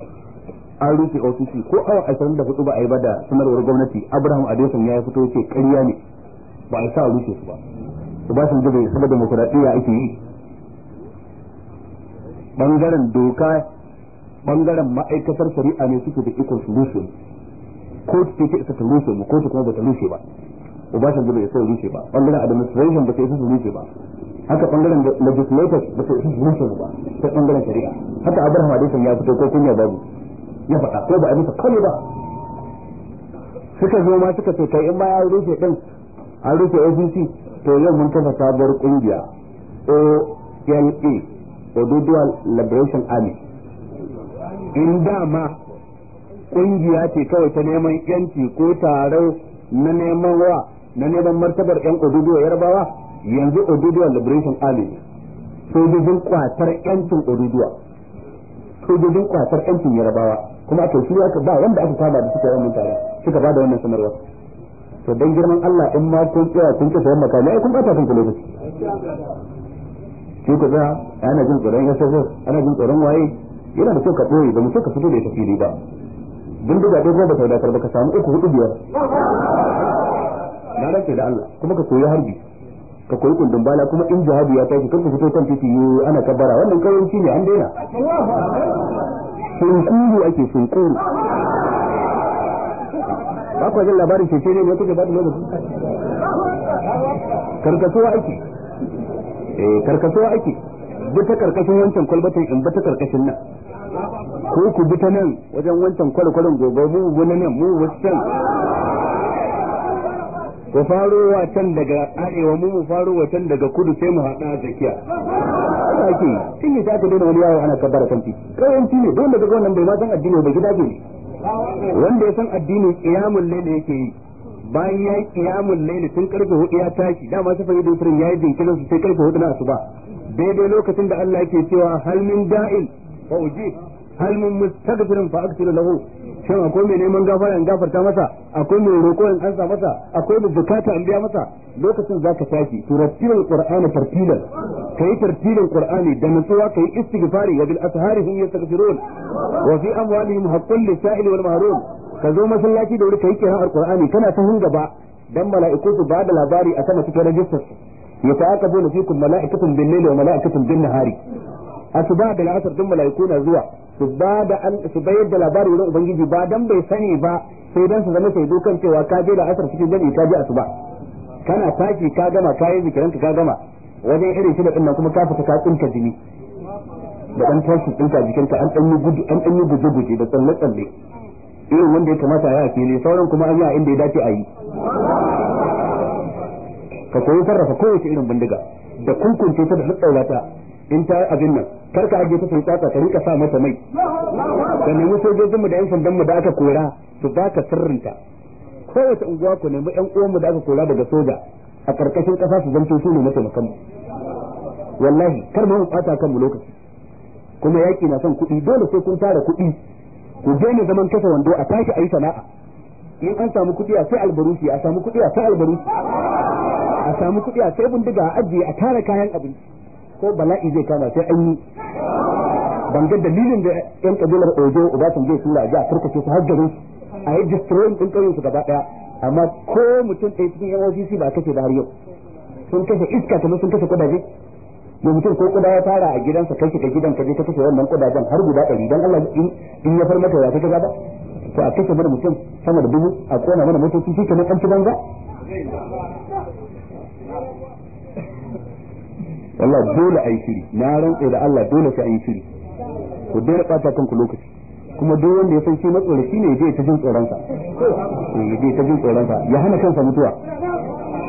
an rufe ofishi ko awa ashirin da hudu ba a yi ba da sanarwar gwamnati abraham adeson ya fito ce karya ne ba a sa rufe su ba su ba su jibe saboda demokuraɗiyya ake yi bangaren doka bangaren ma'aikatar shari'a ne suke da ikon su rushe ko ce ta isa ta rushe mu ko ta kuma bata rushe ba ubashin bai isa rushe ba bangaren administration bata isa su rushe ba haka bangaren legislators bata isa su rushe ba ta bangaren shari'a haka abraham hadisan ya fito ko kunya babu ya faɗa ko ba a bisa kome ba suka zo ma suka ce kai in ba ya rushe din a rufe APC to yau mun kafa sabuwar kungiya O OLA Odudual Liberation Army in dama kungiya ce kawai ta neman yanci ko taro na neman wa na neman martabar yan oduduwa yarbawa yanzu oduduwa liberation army sojojin kwatar yancin oduduwa sojojin kwatar yancin yarbawa kuma to shi aka ba wanda aka kama da suka yi tare suka ba da wannan sanarwa to dan girman Allah in ma kun tsaya kun kasa yamma ai kun ta kun da shi ku ga ana jin tsoron SSS ana jin tsoron waye yana da son ka ɓoye ba mu ka fito da ita fili ba don bindiga dai goma ta wadatar ba ka samu uku hudu biyar na rake da Allah kuma ka koyi harbi ka koyi kundin bala kuma in jihadi ya tashi kanka fito kan titi ana kabara wannan kawanci ne an daina sunkuru ake sunkuru ba ku jin labarin cece ne ne kuke ba da lokaci karkasuwa ake eh karkasuwa ake bi ta karkashin wancan kwalbatin in bi ta karkashin nan ko ku bi ta nan wajen wancan kwalkwalin gobe mu bu nan mu bu can ku faro wa can daga arewa mu mu faro wa can daga kudu sai mu haɗa a tsakiya ake tun yi ta aka daina wani yawo ana kabbara kan titi ne don daga wannan bai ma san addini ba gida ne wanda ya san addini kiyamun laila yake yi bayan ya yi kiyamun laila tun karfe hudu ya tashi dama safari da ya yi jinkirin su sai karfe hudu na asuba daidai lokacin da Allah yake cewa hal min da'in fa ujib hal min mustaghfirin fa aghfir lahu shin akwai mai neman gafara in gafarta masa akwai mai roƙo in ansa masa akwai mai bukata in biya masa lokacin zaka tashi turattilul qur'ana tartilan kai tartilin qur'ani da nutsuwa kai istighfari wa bil asharihim yastaghfirun wa fi amwalihim haqqul lisa'il wal mahrum ka zo masallaci da wuri kai kira'ar qur'ani kana ta gaba dan mala'iku su ba da labari akan cikin rajistar yata'aqabuna fikum mala'ikatun bil-layli wa mala'ikatun bin-nahari asuba da la'asar din mala'iku na zuwa su ba da an su bayar da labari wurin ubangiji ba dan bai sani ba sai dan su zama saidu kan cewa ka je la'asar asar cikin jami'i ka je asuba kana tashi ka gama ka yi zikiranka ka gama wajen irin shida din kuma ka ka tsinka jini da dan tashi tsinka jikinka an dan yi gudu an dan yi guje guje da tsalle tsalle irin wanda ya kamata a yi a fili sauran kuma an yi a inda ya dace a yi ka koyi sarrafa kowace irin bindiga da kunkunce ta da tsaura ta in ta abin nan kar ka ajiye ta sun tsaka ka rika sa mata mai da nemi sojojin mu da yan sandan mu da aka kora su baka sirrinta kowace unguwa ku nemi yan uwan mu da aka kora daga soja a karkashin kasa su zanto su ne mataimakan mu wallahi kar mu bata kan mu lokaci kuma yaki na son kuɗi dole sai kun tara kuɗi ku daina zaman kasa wando a tashi ayi sana'a in an samu kuɗi a sai albarusi a samu kuɗi a sai albarusi. a samu kuɗi a sai bindiga a ajiye a tara kayan abinci ko bala'i zai kama sai an yi ban ga dalilin da yan kabilar ojo ubatan zai tura ga a karkace su har garin a yi destroying din ƙauyen su gaba ɗaya amma ko mutum ɗaya cikin yan ofis ba kashe ba har yau sun kashe iska kamar sun kashe kudaje ya mutum ko kuda ya fara a gidansa kai shiga gidan ka je ka kashe wannan kudajen har guda ɗari don Allah in ya far maka ya kashe ba to a kashe mana mutum sama da dubu a kona mana motoci shi kamar an ci banza Allah dole a yi shiri na rantsa da Allah dole sai yi shiri ku dole ɓata kanku lokaci kuma duk wanda ya san shi matsoraci ne je ta jin tsoronsa eh, ya je ta jin tsoronsa ya hana kansa mutuwa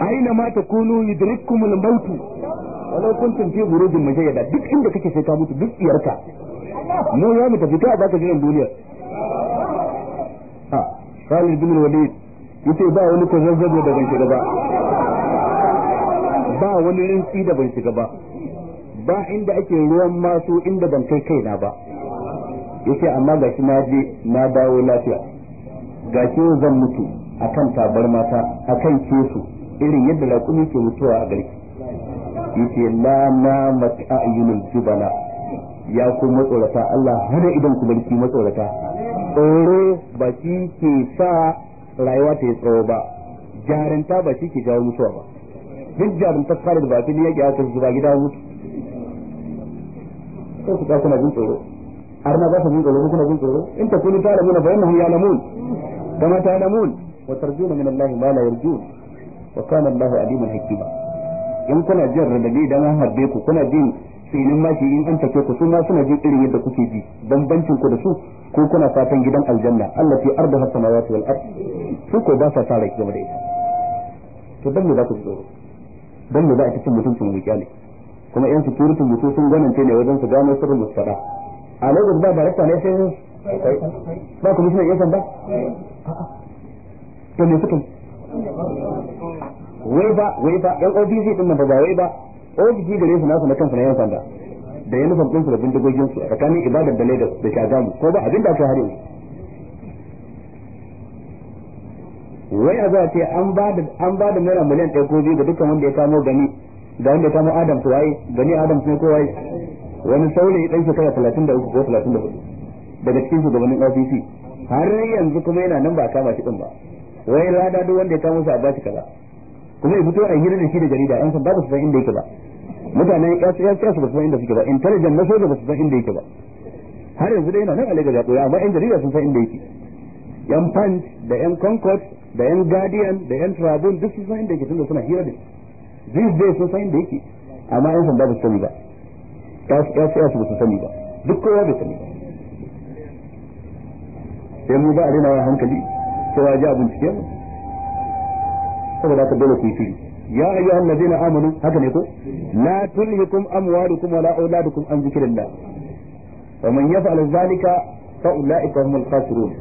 aina ma takunu yudrikumul maut walau kuntum fi burujin mujayyada duk inda kake sai ka mutu duk ka mu ya mu tafi kai baka jiran duniya ha ah, Khalid bin Walid yace ba wani ko zazzabo da ban shiga ba ba wani rinsi da ban shiga ba ba inda ake ruwan masu inda ban kai kai na ba yace amma gashi na je na dawo lafiya ga shi zan mutu akan tabar mata akan kesu irin yadda raƙumi ke mutuwa a garki yake la na mata mai jibala ya ku matsorata Allah hana idan ku barki matsorata tsoro ba shi ke sa rayuwa ta yi tsawo ba jaranta ba shi ke jawo mutuwa ba duk jarumtar fara da batili ya gyara ta zuba gida mutu sai ku kuna jin tsoro har na ba su jin tsoro kuna jin tsoro in ta kuni tare muna bayan nahu yalamun kama ta yalamun wa tarjuna min Allah ma la yarjun wa kana Allah aliman hakima in kuna jin radadi dan an habbe ku kuna jin filin mashi in an take ku su ma suna jin irin yadda kuke ji bambancin ku da su ko kuna fatan gidan aljanna Allah fi arda hasamawati wal ard su ko ba sa sa rai game da ita to dan me za ku tsoro don da za a cikin mutuncin wuce ne kuma yan security mutu sun gwanince ne wajen su gano sirrin mu fada a lokacin ba director ne sai ba kuma ne yan sanda to ne suka wai ba wai ba yan ODC din nan ba wai ba ODC gare su nasu na kansu na yan sanda da yanufan ɗinsu da bindigogin su a tsakanin ibadar da Lagos da Shagamu ko ba abin da aka hari wai a zuwa ce an ba da mera naira miliyan ɗaya ko biyu ga dukkan wanda ya kamo gani ga wanda ya kamo adam su waye gani adam ne ko waye wani kaya talatin da uku ko talatin da hudu daga cikin gabanin ofisi har yanzu kuma yana nan ba a kama shi ɗin ba wai lada duk wanda ya kamo su a shi kaza kuma ya fito a hira da shi da jarida yan san ba su san inda yake ba mutanen ya ya ba su san inda suke ba intelligent na soja ba su san inda yake ba har yanzu dai yana nan a Lagos ya amma yan jarida sun san inda yake yan punch da yan concord da yan guardian da yan tribune duk sun san inda yake tunda suna hira da shi these days sun san inda yake amma yan sanda ba su sani ba ya su yasu ba su sani ba duk kowa bai sani ba sai mu ba a rena hankali cewa ji a bincike mu saboda ka dole ku yi shiri يا أيها الذين آمنوا هكذا يقول لا تلهكم أموالكم ولا أولادكم عن ذكر الله ومن يفعل ذلك فأولئك هم الخاسرون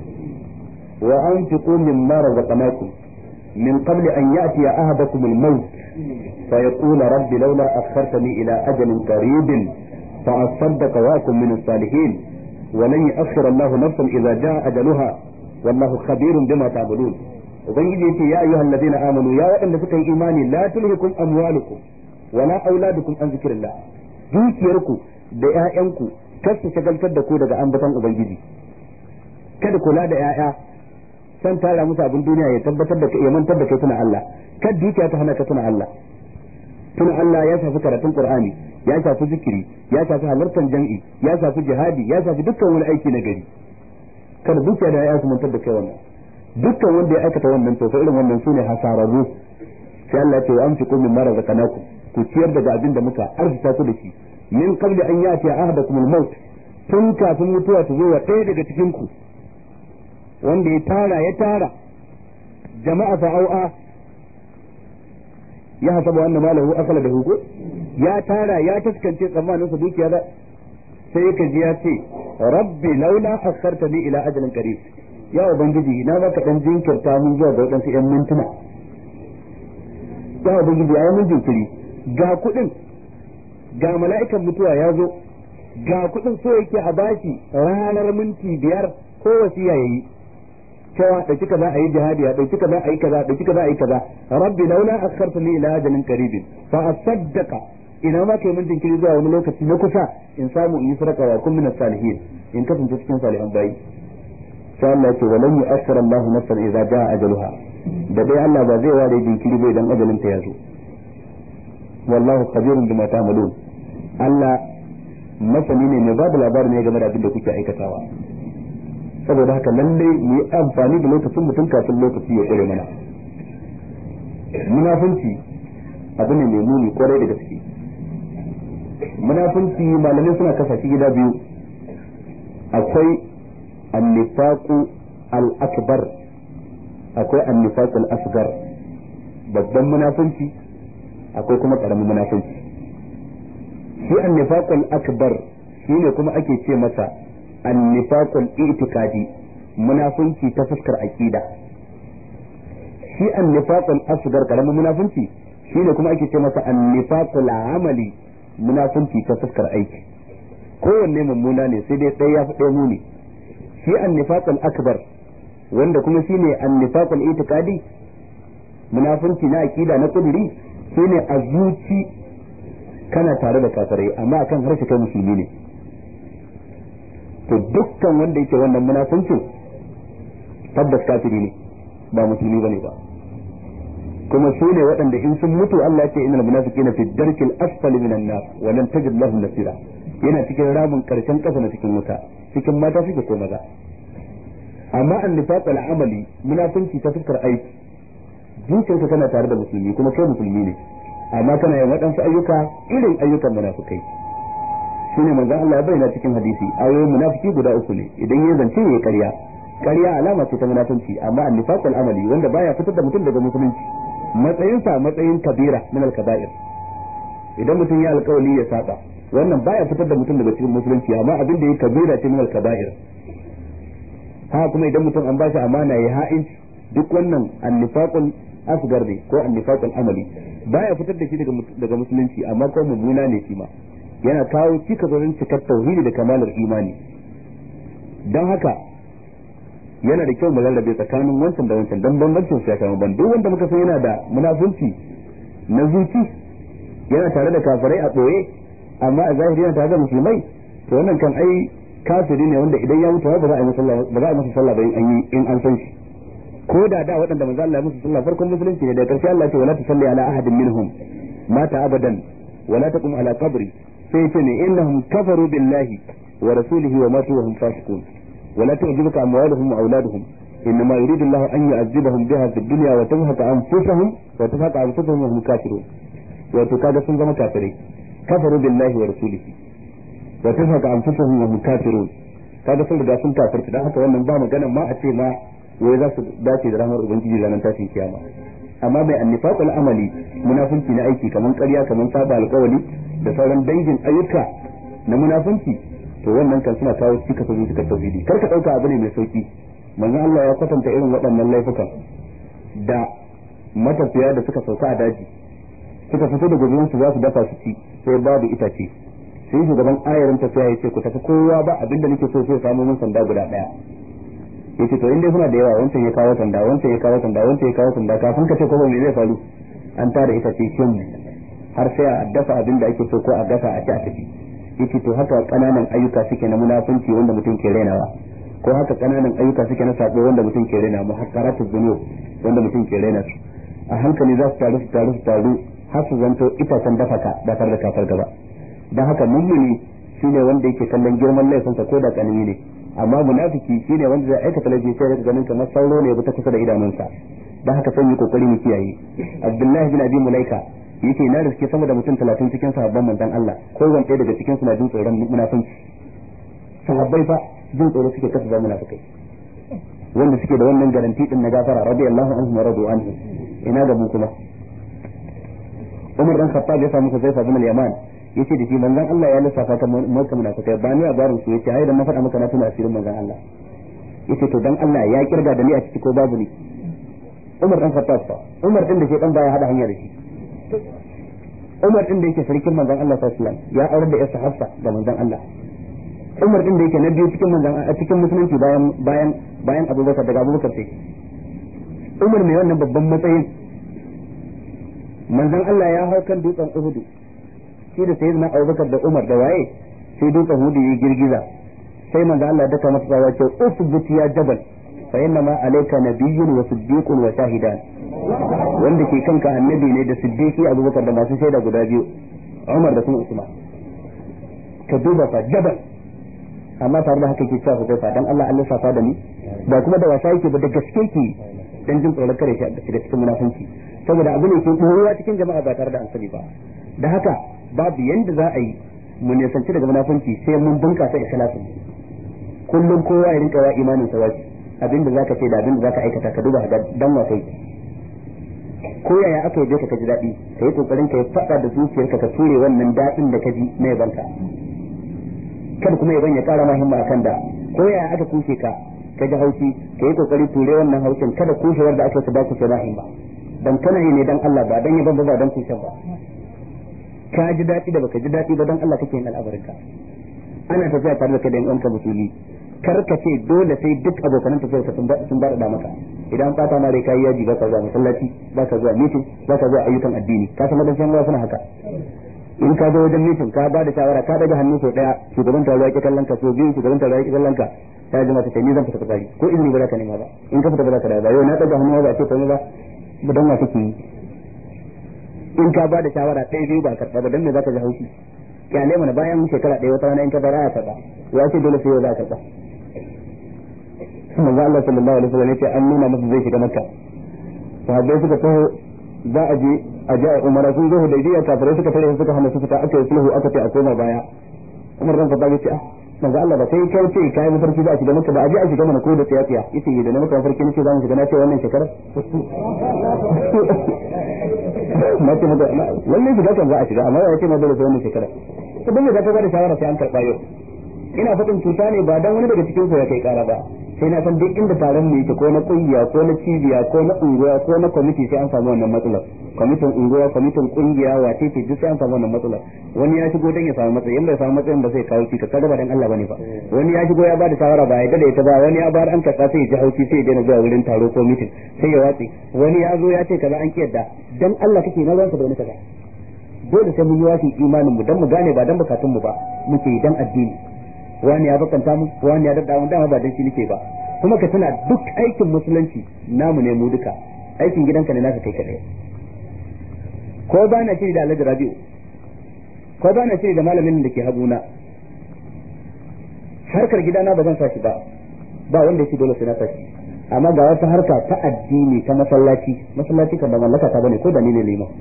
وأنفقوا مما رزقناكم من قبل أن يأتي احدكم الموت فيقول رب لولا أخرتني إلى أجل قريب فأصدق واكم من الصالحين ولن يأخر الله نفسا إذا جاء أجلها والله خبير بما تعملون وبنجيتي يا أيها الذين آمنوا يا وإن فكي إيماني لا تلهكم أموالكم ولا أولادكم عن ذكر الله جيت يركو بآئنكو كيف شغل كدكو دقى أنبطان وبنجيتي كدكو لا دقى san tara musu abin duniya ya tabbatar da ya mantar da kai tuna Allah kar dukiya ta hana ka tuna Allah tuna Allah ya shafi karatun Qur'ani ya shafi zikiri ya shafi halartar jam'i ya shafi jihadi ya shafi dukkan wani aiki na gari kada dukiya da ya mantar da kai wannan dukkan wanda ya aikata wannan to irin wannan sune hasararru sai Allah ya ce wa amsiku mimma razaqnakum ku ciyar daga abin da muka arzika ku da shi min qabli an ya'ti ahadakum al-maut tun kafin mutuwa ta zo wa ɗaya daga cikin ku wanda ya tara ya tara jama'a fa au'a ya hasabu wannan malahu akala da hugo ya tara ya taskance tsammanin sa dukiya da sai ka ji ya ce rabbi laula hasartani ila ajalin qarib ya ubangiji na baka dan jinkirta mun zuwa ga wadansu yan mintuna ya ubangiji ayi mun jinkiri ga kudin ga mala'ikan mutuwa ya zo ga kudin so yake a bashi ranar minti biyar ko wasiya yayi cewa da kika za a yi jihadi da kika za a yi kaza da kika za a yi kaza rabbi laula akhartani ila ajalin qaribin fa asaddaqa ina ma kai mun jinkiri zuwa wani lokaci na kusa in samu in yi sadaka wa kun min salihin in kasance cikin salihan bayi sai Allah ya ce walan yu'akhkhira Allahu nafsan idza jaa ajaluha da dai Allah ba zai ware jinkiri bai dan ajalin ta yanzu. wallahu khabirun bima ta'malun Allah masani ne mai babu labarin ne game da abin da kuke aikatawa saboda haka lalle mu yi amfani da lokacin mutum kafin lokaci ya tsere mana munafunci abu ne mai muni kwarai da gaske munafunci malamai suna kasa shi gida biyu akwai annifaku al-akbar akwai annifaqu al babban munafunci akwai kuma karamin munafunci shi annifaku al-akbar shine kuma ake ce masa annifaqul i'tiqadi munafunci ta fuskar aqida shi annifaqul asghar karamin munafunci shine kuma ake ce masa annifaqul amali munafunci ta fuskar aiki kowanne mummuna ne sai dai ɗaya ya fi ɗaya muni shi annifaqul akbar wanda kuma shine annifaqul itikadi munafunci na aƙida na kuduri shine azuci kana tare da kafirai amma akan harshe kai musulmi ne to dukkan wanda yake wannan munafincin tabbas kafiri ne ba musulmi bane ba kuma su ne waɗanda in sun mutu Allah ce innal munafiqina fi darkil asfali minan nar wa lan tajid lahum nasira yana cikin ramin karshen kasa na cikin wuta cikin mata suke ko maza amma an nifaq al amali munafinci ta fuskar aiki zuciyarka tana tare da musulmi kuma kai musulmi ne amma kana yin waɗansu ayyuka irin ayyukan munafikai ne manzan Allah ya bayyana cikin hadisi ayoyin munafiki guda uku ne idan ya zance ya karya karya alama ce ta munafunci amma annifaq amali wanda baya fitar da mutum daga musulunci matsayinsa matsayin kabira min al-kaba'ir idan mutum ya alkawali ya saba wannan baya fitar da mutum daga cikin musulunci amma abin da ya kabira ce min al-kaba'ir ha kuma idan mutum an bashi amana ya ha'in duk wannan annifaqul asgar ne ko annifaqul amali baya fitar da shi daga daga musulunci amma ko mummuna ne shi ma yana kawo cika zurin cikar tauhidi da kamalar imani don haka yana da kyau mu rarrabe tsakanin wancan da wancan don bambancin su ya kama ban duk wanda muka san yana da munafunci na zuci yana tare da kafirai a ɓoye amma a zahiri yana tare da musulmai to wannan kan ai kafiri ne wanda idan ya mutu ba za a yi masa sallah ba in in an san shi ko da da waɗanda manzo Allah ya musu sallah farkon musulunci ne da karshe Allah ya ce wala tusalli ala ahadin minhum mata abadan wala taqum ala qabri sai ce ne innahum kafaru billahi wa rasulihi wa matu wa hum fasiqun wa la amwaluhum wa auladuhum kaga sun riga sun dan haka wannan ba magana ma a ce ma wai za su dace da rahmar ubangiji ranar tashin kiyama amma mai annifaqul amali munafunci na aiki kaman ƙarya kaman saba alƙawari da sauran dangin ayyuka na munafunci to wannan kan suna kawo cika sauri suka tauhidi kar ka dauka abu ne mai sauki manzo Allah ya kwatanta irin waɗannan laifukan da matafiya da suka sauka a daji suka fito da gurbin su za su dafa su ci sai babu itace sai shugaban ayarin tafiya ya ce ku tafi kowa ba abinda nake so sai samu mun sanda guda ɗaya. yace to inda kuna da yawa wancan ya kawo tanda wancan ya kawo tanda wancan ya kawo tanda kafin ka ce ko me zai faru an tara ita ce kin har sai a dafa abin da ake so ko a gasa a ci a tafi yace to haka kananan ayyuka suke na munafunci wanda mutum ke rainawa ko haka kananan ayyuka suke na sabo wanda mutum ke raina muhaqqaratu dunyo wanda mutum ke raina su a hankali za su taru su taru su taru har su zanto ita itacen dafa ka da tar da kafar gaba dan haka mummuni shine wanda yake kallon girman laifinsa ko da kanini ne amma munafiki shine wanda zai aikata laifi sai ya ganin kamar sauro ne ya ta kusa da idanunsa dan haka sai mu kokari mu kiyaye Abdullahi bin Abi Mulaika yake na riske sama da mutum 30 cikin sahabban manzon Allah ko ɗaya daga cikin su na jin tsoron munafinci sahabbai fa jin tsoro suke kasa da munafikai wanda suke da wannan garanti din na gafara radiyallahu anhu wa radu anhu ina ga mu kuma Umar dan Khattab ya samu Huzaifa bin al-Yaman yace da shi manzon Allah ya lissafa ta maka munafikai ba ni a barin su yace ai da mafaɗa maka na tuna asirin manzon Allah yace to dan Allah ya kirga da ni a ciki ko babu ni Umar dan Khattab fa Umar din da ke dan baya hada hanya da shi Umar din da yake sarkin manzon Allah sallallahu alaihi wasallam ya aure da Isa Hafsa da manzon Allah Umar din da yake na biyu cikin manzon a cikin musulunci bayan bayan bayan Bakar daga Bakar sai Umar mai wannan babban matsayin manzon Allah ya hau kan dutsen Uhud shi da sayyidina Abubakar da Umar da waye sai dutsen hudu ya girgiza sai manzo Allah daka masa tsawa ce usbut ya jabal fa inna ma alayka nabiyyun wa siddiqun wa shahidan wanda ke kanka annabi ne da siddiqi Abubakar da masu shaida guda biyu Umar da kuma Usman ka duba fa jabal amma tare da haka ke cewa ku fa dan Allah Allah safa da ni ba kuma da wasa yake ba da gaske ki dan jin tsoron kare shi a cikin munafanci saboda abu ne ke koyuwa cikin jama'a ba tare da an sani ba da haka babu yanda za a yi mu nisanci daga munafunci sai mun bunkasa ikhlasin kullum kowa ya rinka wa imanin sa wace abinda ka ce da abinda za ka aikata ka duba ga dan wasai ko yaya aka yi ka ji daɗi ka yi kokarin ka faɗa da zuciyarka ka ture wannan daɗin da ka ji na yabanka kada kuma yaban ya ƙara mahimma akan da ko yaya aka kushe ka ka ji haushi ka yi kokari ture wannan haushin kada kushewar da aka ta dace ce mahimma dan kana yi ne dan Allah ba dan yaban ba dan kushe ba ka ji daɗi da baka ji daɗi ba don Allah kake yin al'abarinka ana tafiya tare da kai da yan uwanka musulmi kar ka ce dole sai duk abokanan tafiyar sun ba da maka idan fata ma rai kai yaji ba ka zuwa masallaci ba ka zuwa meeting ba ka zuwa ayyukan addini ka san madan yan suna haka in ka zo wajen meeting ka ba da shawara ka daga hannu ko daya shugaban ta ya kallon ka so biyu shugaban ta ya kallon ka ta jima ta ni zan fita ka ko izini ba za ka nema ba in ka fita ba za ka dawo yau na daga hannu ba ce ce komai ba dan wa kake yi in ka ba da shawara ɗaya biyu ba karɓa ba don me ka ji haushi ne mana bayan shekara ɗaya wata rana in ka bara ya karɓa ya ce dole sai ya za a karɓa manzo Allah sallallahu alaihi wasallam ce an nuna masa zai shiga makka sahabbai suka taho za a je a je umara sun zo hudaybiya kafirai suka tare suka hana su fita aka yi sulhu aka ce a koma baya umar dan fadda ce ah manzo Allah ba sai kai ce kai mafarki za a shiga makka ba a je a shiga mana ko da tsaya ita yace da na mutu mafarki nace za mu shiga na ce wannan shekarar na ce mata wannan shiga kan za a shiga amma ya ce ma dole sai wannan shekara to dan da ta bada shawara sai an karba yau ina fadin cuta ne ba dan wani daga cikin ku ya kai kara ba sai na san duk inda taron mu yake ko na kungiya ko na cibiya ko na unguwa ko na kwamiti sai an samu wannan matsala. kwamitin unguwa kwamitin kungiya wace ce duk sai an samu wannan matsala. wani ya shigo dan ya samu matsala in bai samu matsala ba sai kawo kika kada ba dan Allah bane fa wani ya shigo ya bada shawara ba ya dade ita ba wani ya bar an karba sai ya ji hauki sai ya daina zuwa wurin taro ko mitin sai ya watsi wani ya zo ya ce kaza an kiyarda dan Allah kake na ruwanka da wani kaza dole sai mun yi wasi imanin mu dan mu gane ba dan bukatun mu ba muke dan addini wani ya bakanta mu wani ya dadda dama ba dan shi nake ba kuma ka tana duk aikin musulunci namu ne mu duka aikin gidanka ne naka kai kadai ko ba na shiri da Alhaji Rabi'u ko ba na shiri da malamin da ke haguna harkar gidana ba zan sashi ba ba wanda yake dole sai na sashi amma ga wata harka ta addini ta masallaci masallaci kan da mallaka ta bane ko da ni ne liman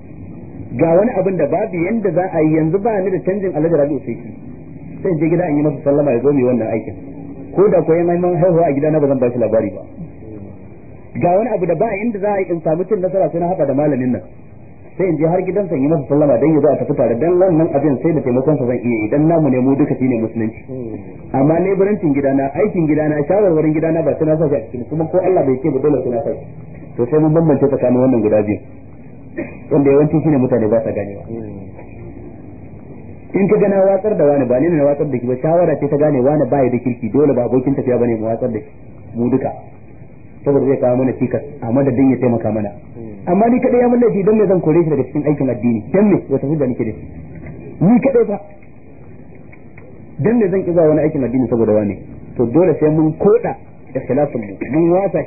ga wani abin da babu yanda za a yi yanzu ba ni da canjin Alhaji Rabi'u sai shi sai je gida in yi masa sallama ya zo mai wannan aikin ko da ko yana nan haihuwa a gidana ba zan ba shi labari ba ga wani abu da ba inda za a yi in samu cin nasara sai na haɗa da malamin nan sai in je har gidan san yi masa sallama dan ya zo a tafi tare dan wannan abin sai da taimakon sa zan iya idan namu ne mu duka shine musulunci amma gida gidana aikin gida gidana shawarwarin gidana ba suna sa shi a cikin kuma ko Allah bai ce ba dole suna sa shi to sai mun bambance tsakanin wannan guda biyu wanda yawanci shine mutane ba sa ganewa in ka gana watsar da wani ba ne na watsar da shi ba shawara ce ta gane wani ba ya da kirki dole ba abokin tafiya bane mu watsar da shi mu duka saboda zai kawo mana cikas a madadin ya taimaka mana amma ni kadai ya mun laifi don me zan kore shi daga cikin aikin addini dan me wata hujja nake da shi ni kadai ba dan me zan kiza wani aikin addini saboda wani to dole sai mun koda da khilafin mu mun wasa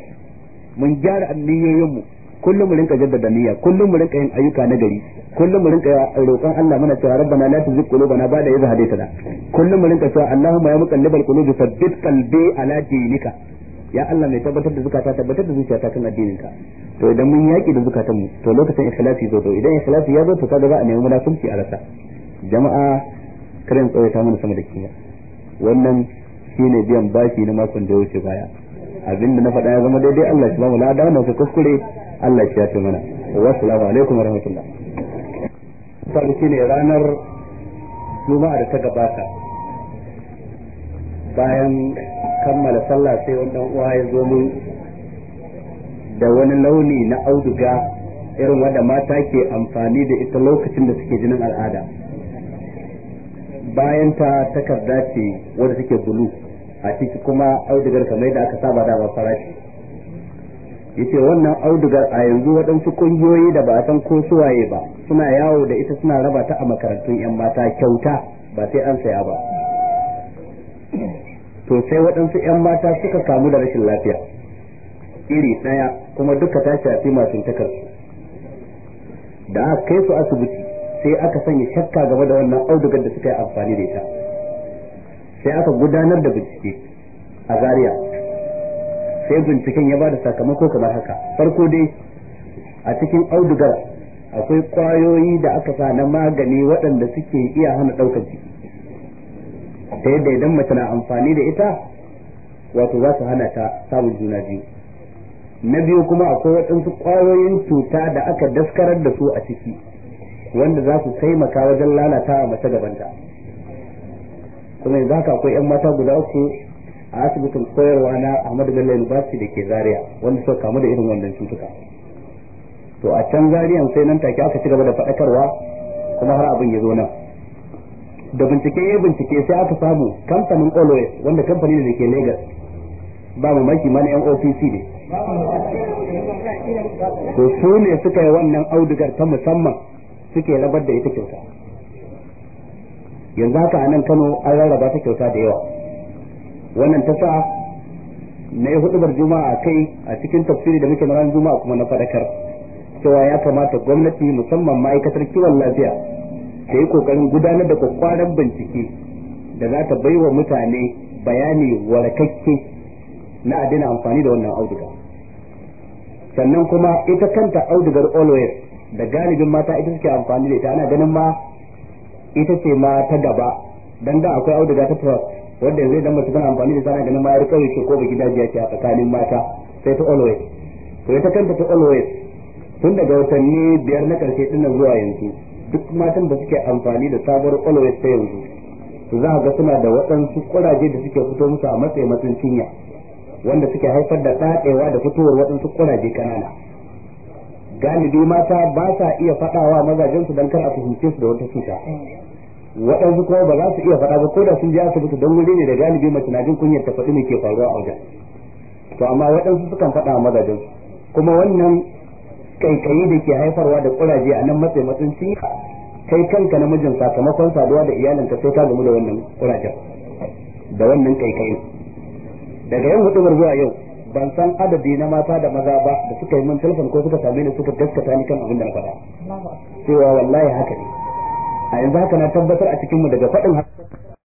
mun gyara anniyoyin mu kullum mu rinka jaddada niyya kullum mu rinka yin ayyuka na gari kullum mu rinka roƙon Allah muna cewa rabbana la tuzigh qulubana ba'da idh hadaytana kullum mu rinka cewa allahumma ya muqallibal qulubi thabbit qalbi ala dinika ya Allah mai tabbatar da zukata tabbatar da zuciyata kan addininka to idan mun yaki da zukatan mu to lokacin ikhlasi zo to idan ikhlasi ya zo to kaga za a nemi munafunci a rasa jama'a karin ta mana sama da kiyar wannan shine biyan bashi na makon da ya wuce baya abinda na faɗa ya zama daidai Allah shi ba mu lada wannan kuskure Allah shi ya ce mana wassalamu alaikum warahmatullah sai ne ranar juma'a da ta gabata bayan kammala sallah sai wani dan uwa ya zo mun da wani launi na auduga irin wanda mata ke amfani da ita lokacin da suke jinin al'ada bayan ta takarda ce wadda suke bulu a ciki kuma audugar kamar da aka saba da farashi yace wannan audugar a yanzu waɗansu kungiyoyi da ba a san ko waye ba suna yawo da ita suna raba ta a makarantun yan mata kyauta ba sai an saya ba to sai waɗansu yan mata suka kamu da rashin lafiya iri ɗaya kuma duka ta shafi masu takarsu da aka kai su asibiti sai aka sanya shakka game da wannan audugar da suka yi amfani da ita sai aka gudanar da bincike a zaria sai binciken ya bada sakamako kamar haka farko dai a cikin audugar akwai kwayoyi da aka sa na magani waɗanda suke iya hana ɗaukar ciki ta yadda idan mace na amfani da ita wato za su hana ta samun juna biyu na biyu kuma akwai waɗansu kwayoyin cuta da aka daskarar da su a ciki wanda za su taimaka wajen lalata a mace gabanta kuma yanzu haka akwai 'yan mata guda uku a asibitin koyarwa na Ahmadu Bello University da ke Zaria wanda suka kamu da irin wannan cutuka to a can Zariyan sai nan take aka ci gaba da faɗakarwa kuma har abin ya zo nan da bincike ya bincike sai aka samu kamfanin Oloes wanda kamfanin da ke Lagos ba mu maki mana OPC ne to su ne suka yi wannan audugar ta musamman suke rabar da ita kyauta yanzu haka a nan Kano an rarraba ta kyauta da yawa wannan ta sa na yi hudubar juma'a kai a cikin tafsiri da muke na ran juma'a kuma na fadakar cewa ya kamata gwamnati musamman ma'aikatar kiwon lafiya ta yi kokarin gudanar da kwakwaran bincike da za ta baiwa mutane bayani warakakke na adina amfani da wannan auduga sannan kuma ita kanta audugar always da galibin mata ita suke amfani da ita ana ganin ma ita ce ma ta gaba dan da akwai auduga ta wanda yanzu idan mace tana amfani da sana ganin mayar kawai ce ko baki daji yake a tsakanin mata sai ta always to ita kanta ta always tun daga watanni biyar na karshe dinnan zuwa yanzu duk matan da suke amfani da sabuwar always ta yanzu to za a ga suna da waɗansu kuraje da suke fito musu a matsayin matsin cinya wanda suke haifar da tsadewa da fitowar waɗansu kuraje kanana galibi mata ba sa iya faɗawa mazajensu don kar a fahimce su da wata cuta waɗansu kuma ba za su iya faɗa ba ko da sun je asibiti don wuri ne da galibi mace na jin kunyar ta faɗi me ke faruwa a wajen to amma waɗansu sukan faɗa a mazajen kuma wannan kaikayi da ke haifarwa da kuraje a nan matsayi matsayin sun kai kanka namijin sakamakon saduwa da iyalinka sai ka gamu da wannan kurajen da wannan kaikayin daga yan hudumar zuwa yau ban san adadi na mata da maza ba da suka yi min telefon ko suka same ni suka gaskata ni kan abin da na faɗa cewa wallahi haka ne a yanzu haka na tabbatar a cikin mu daga faɗin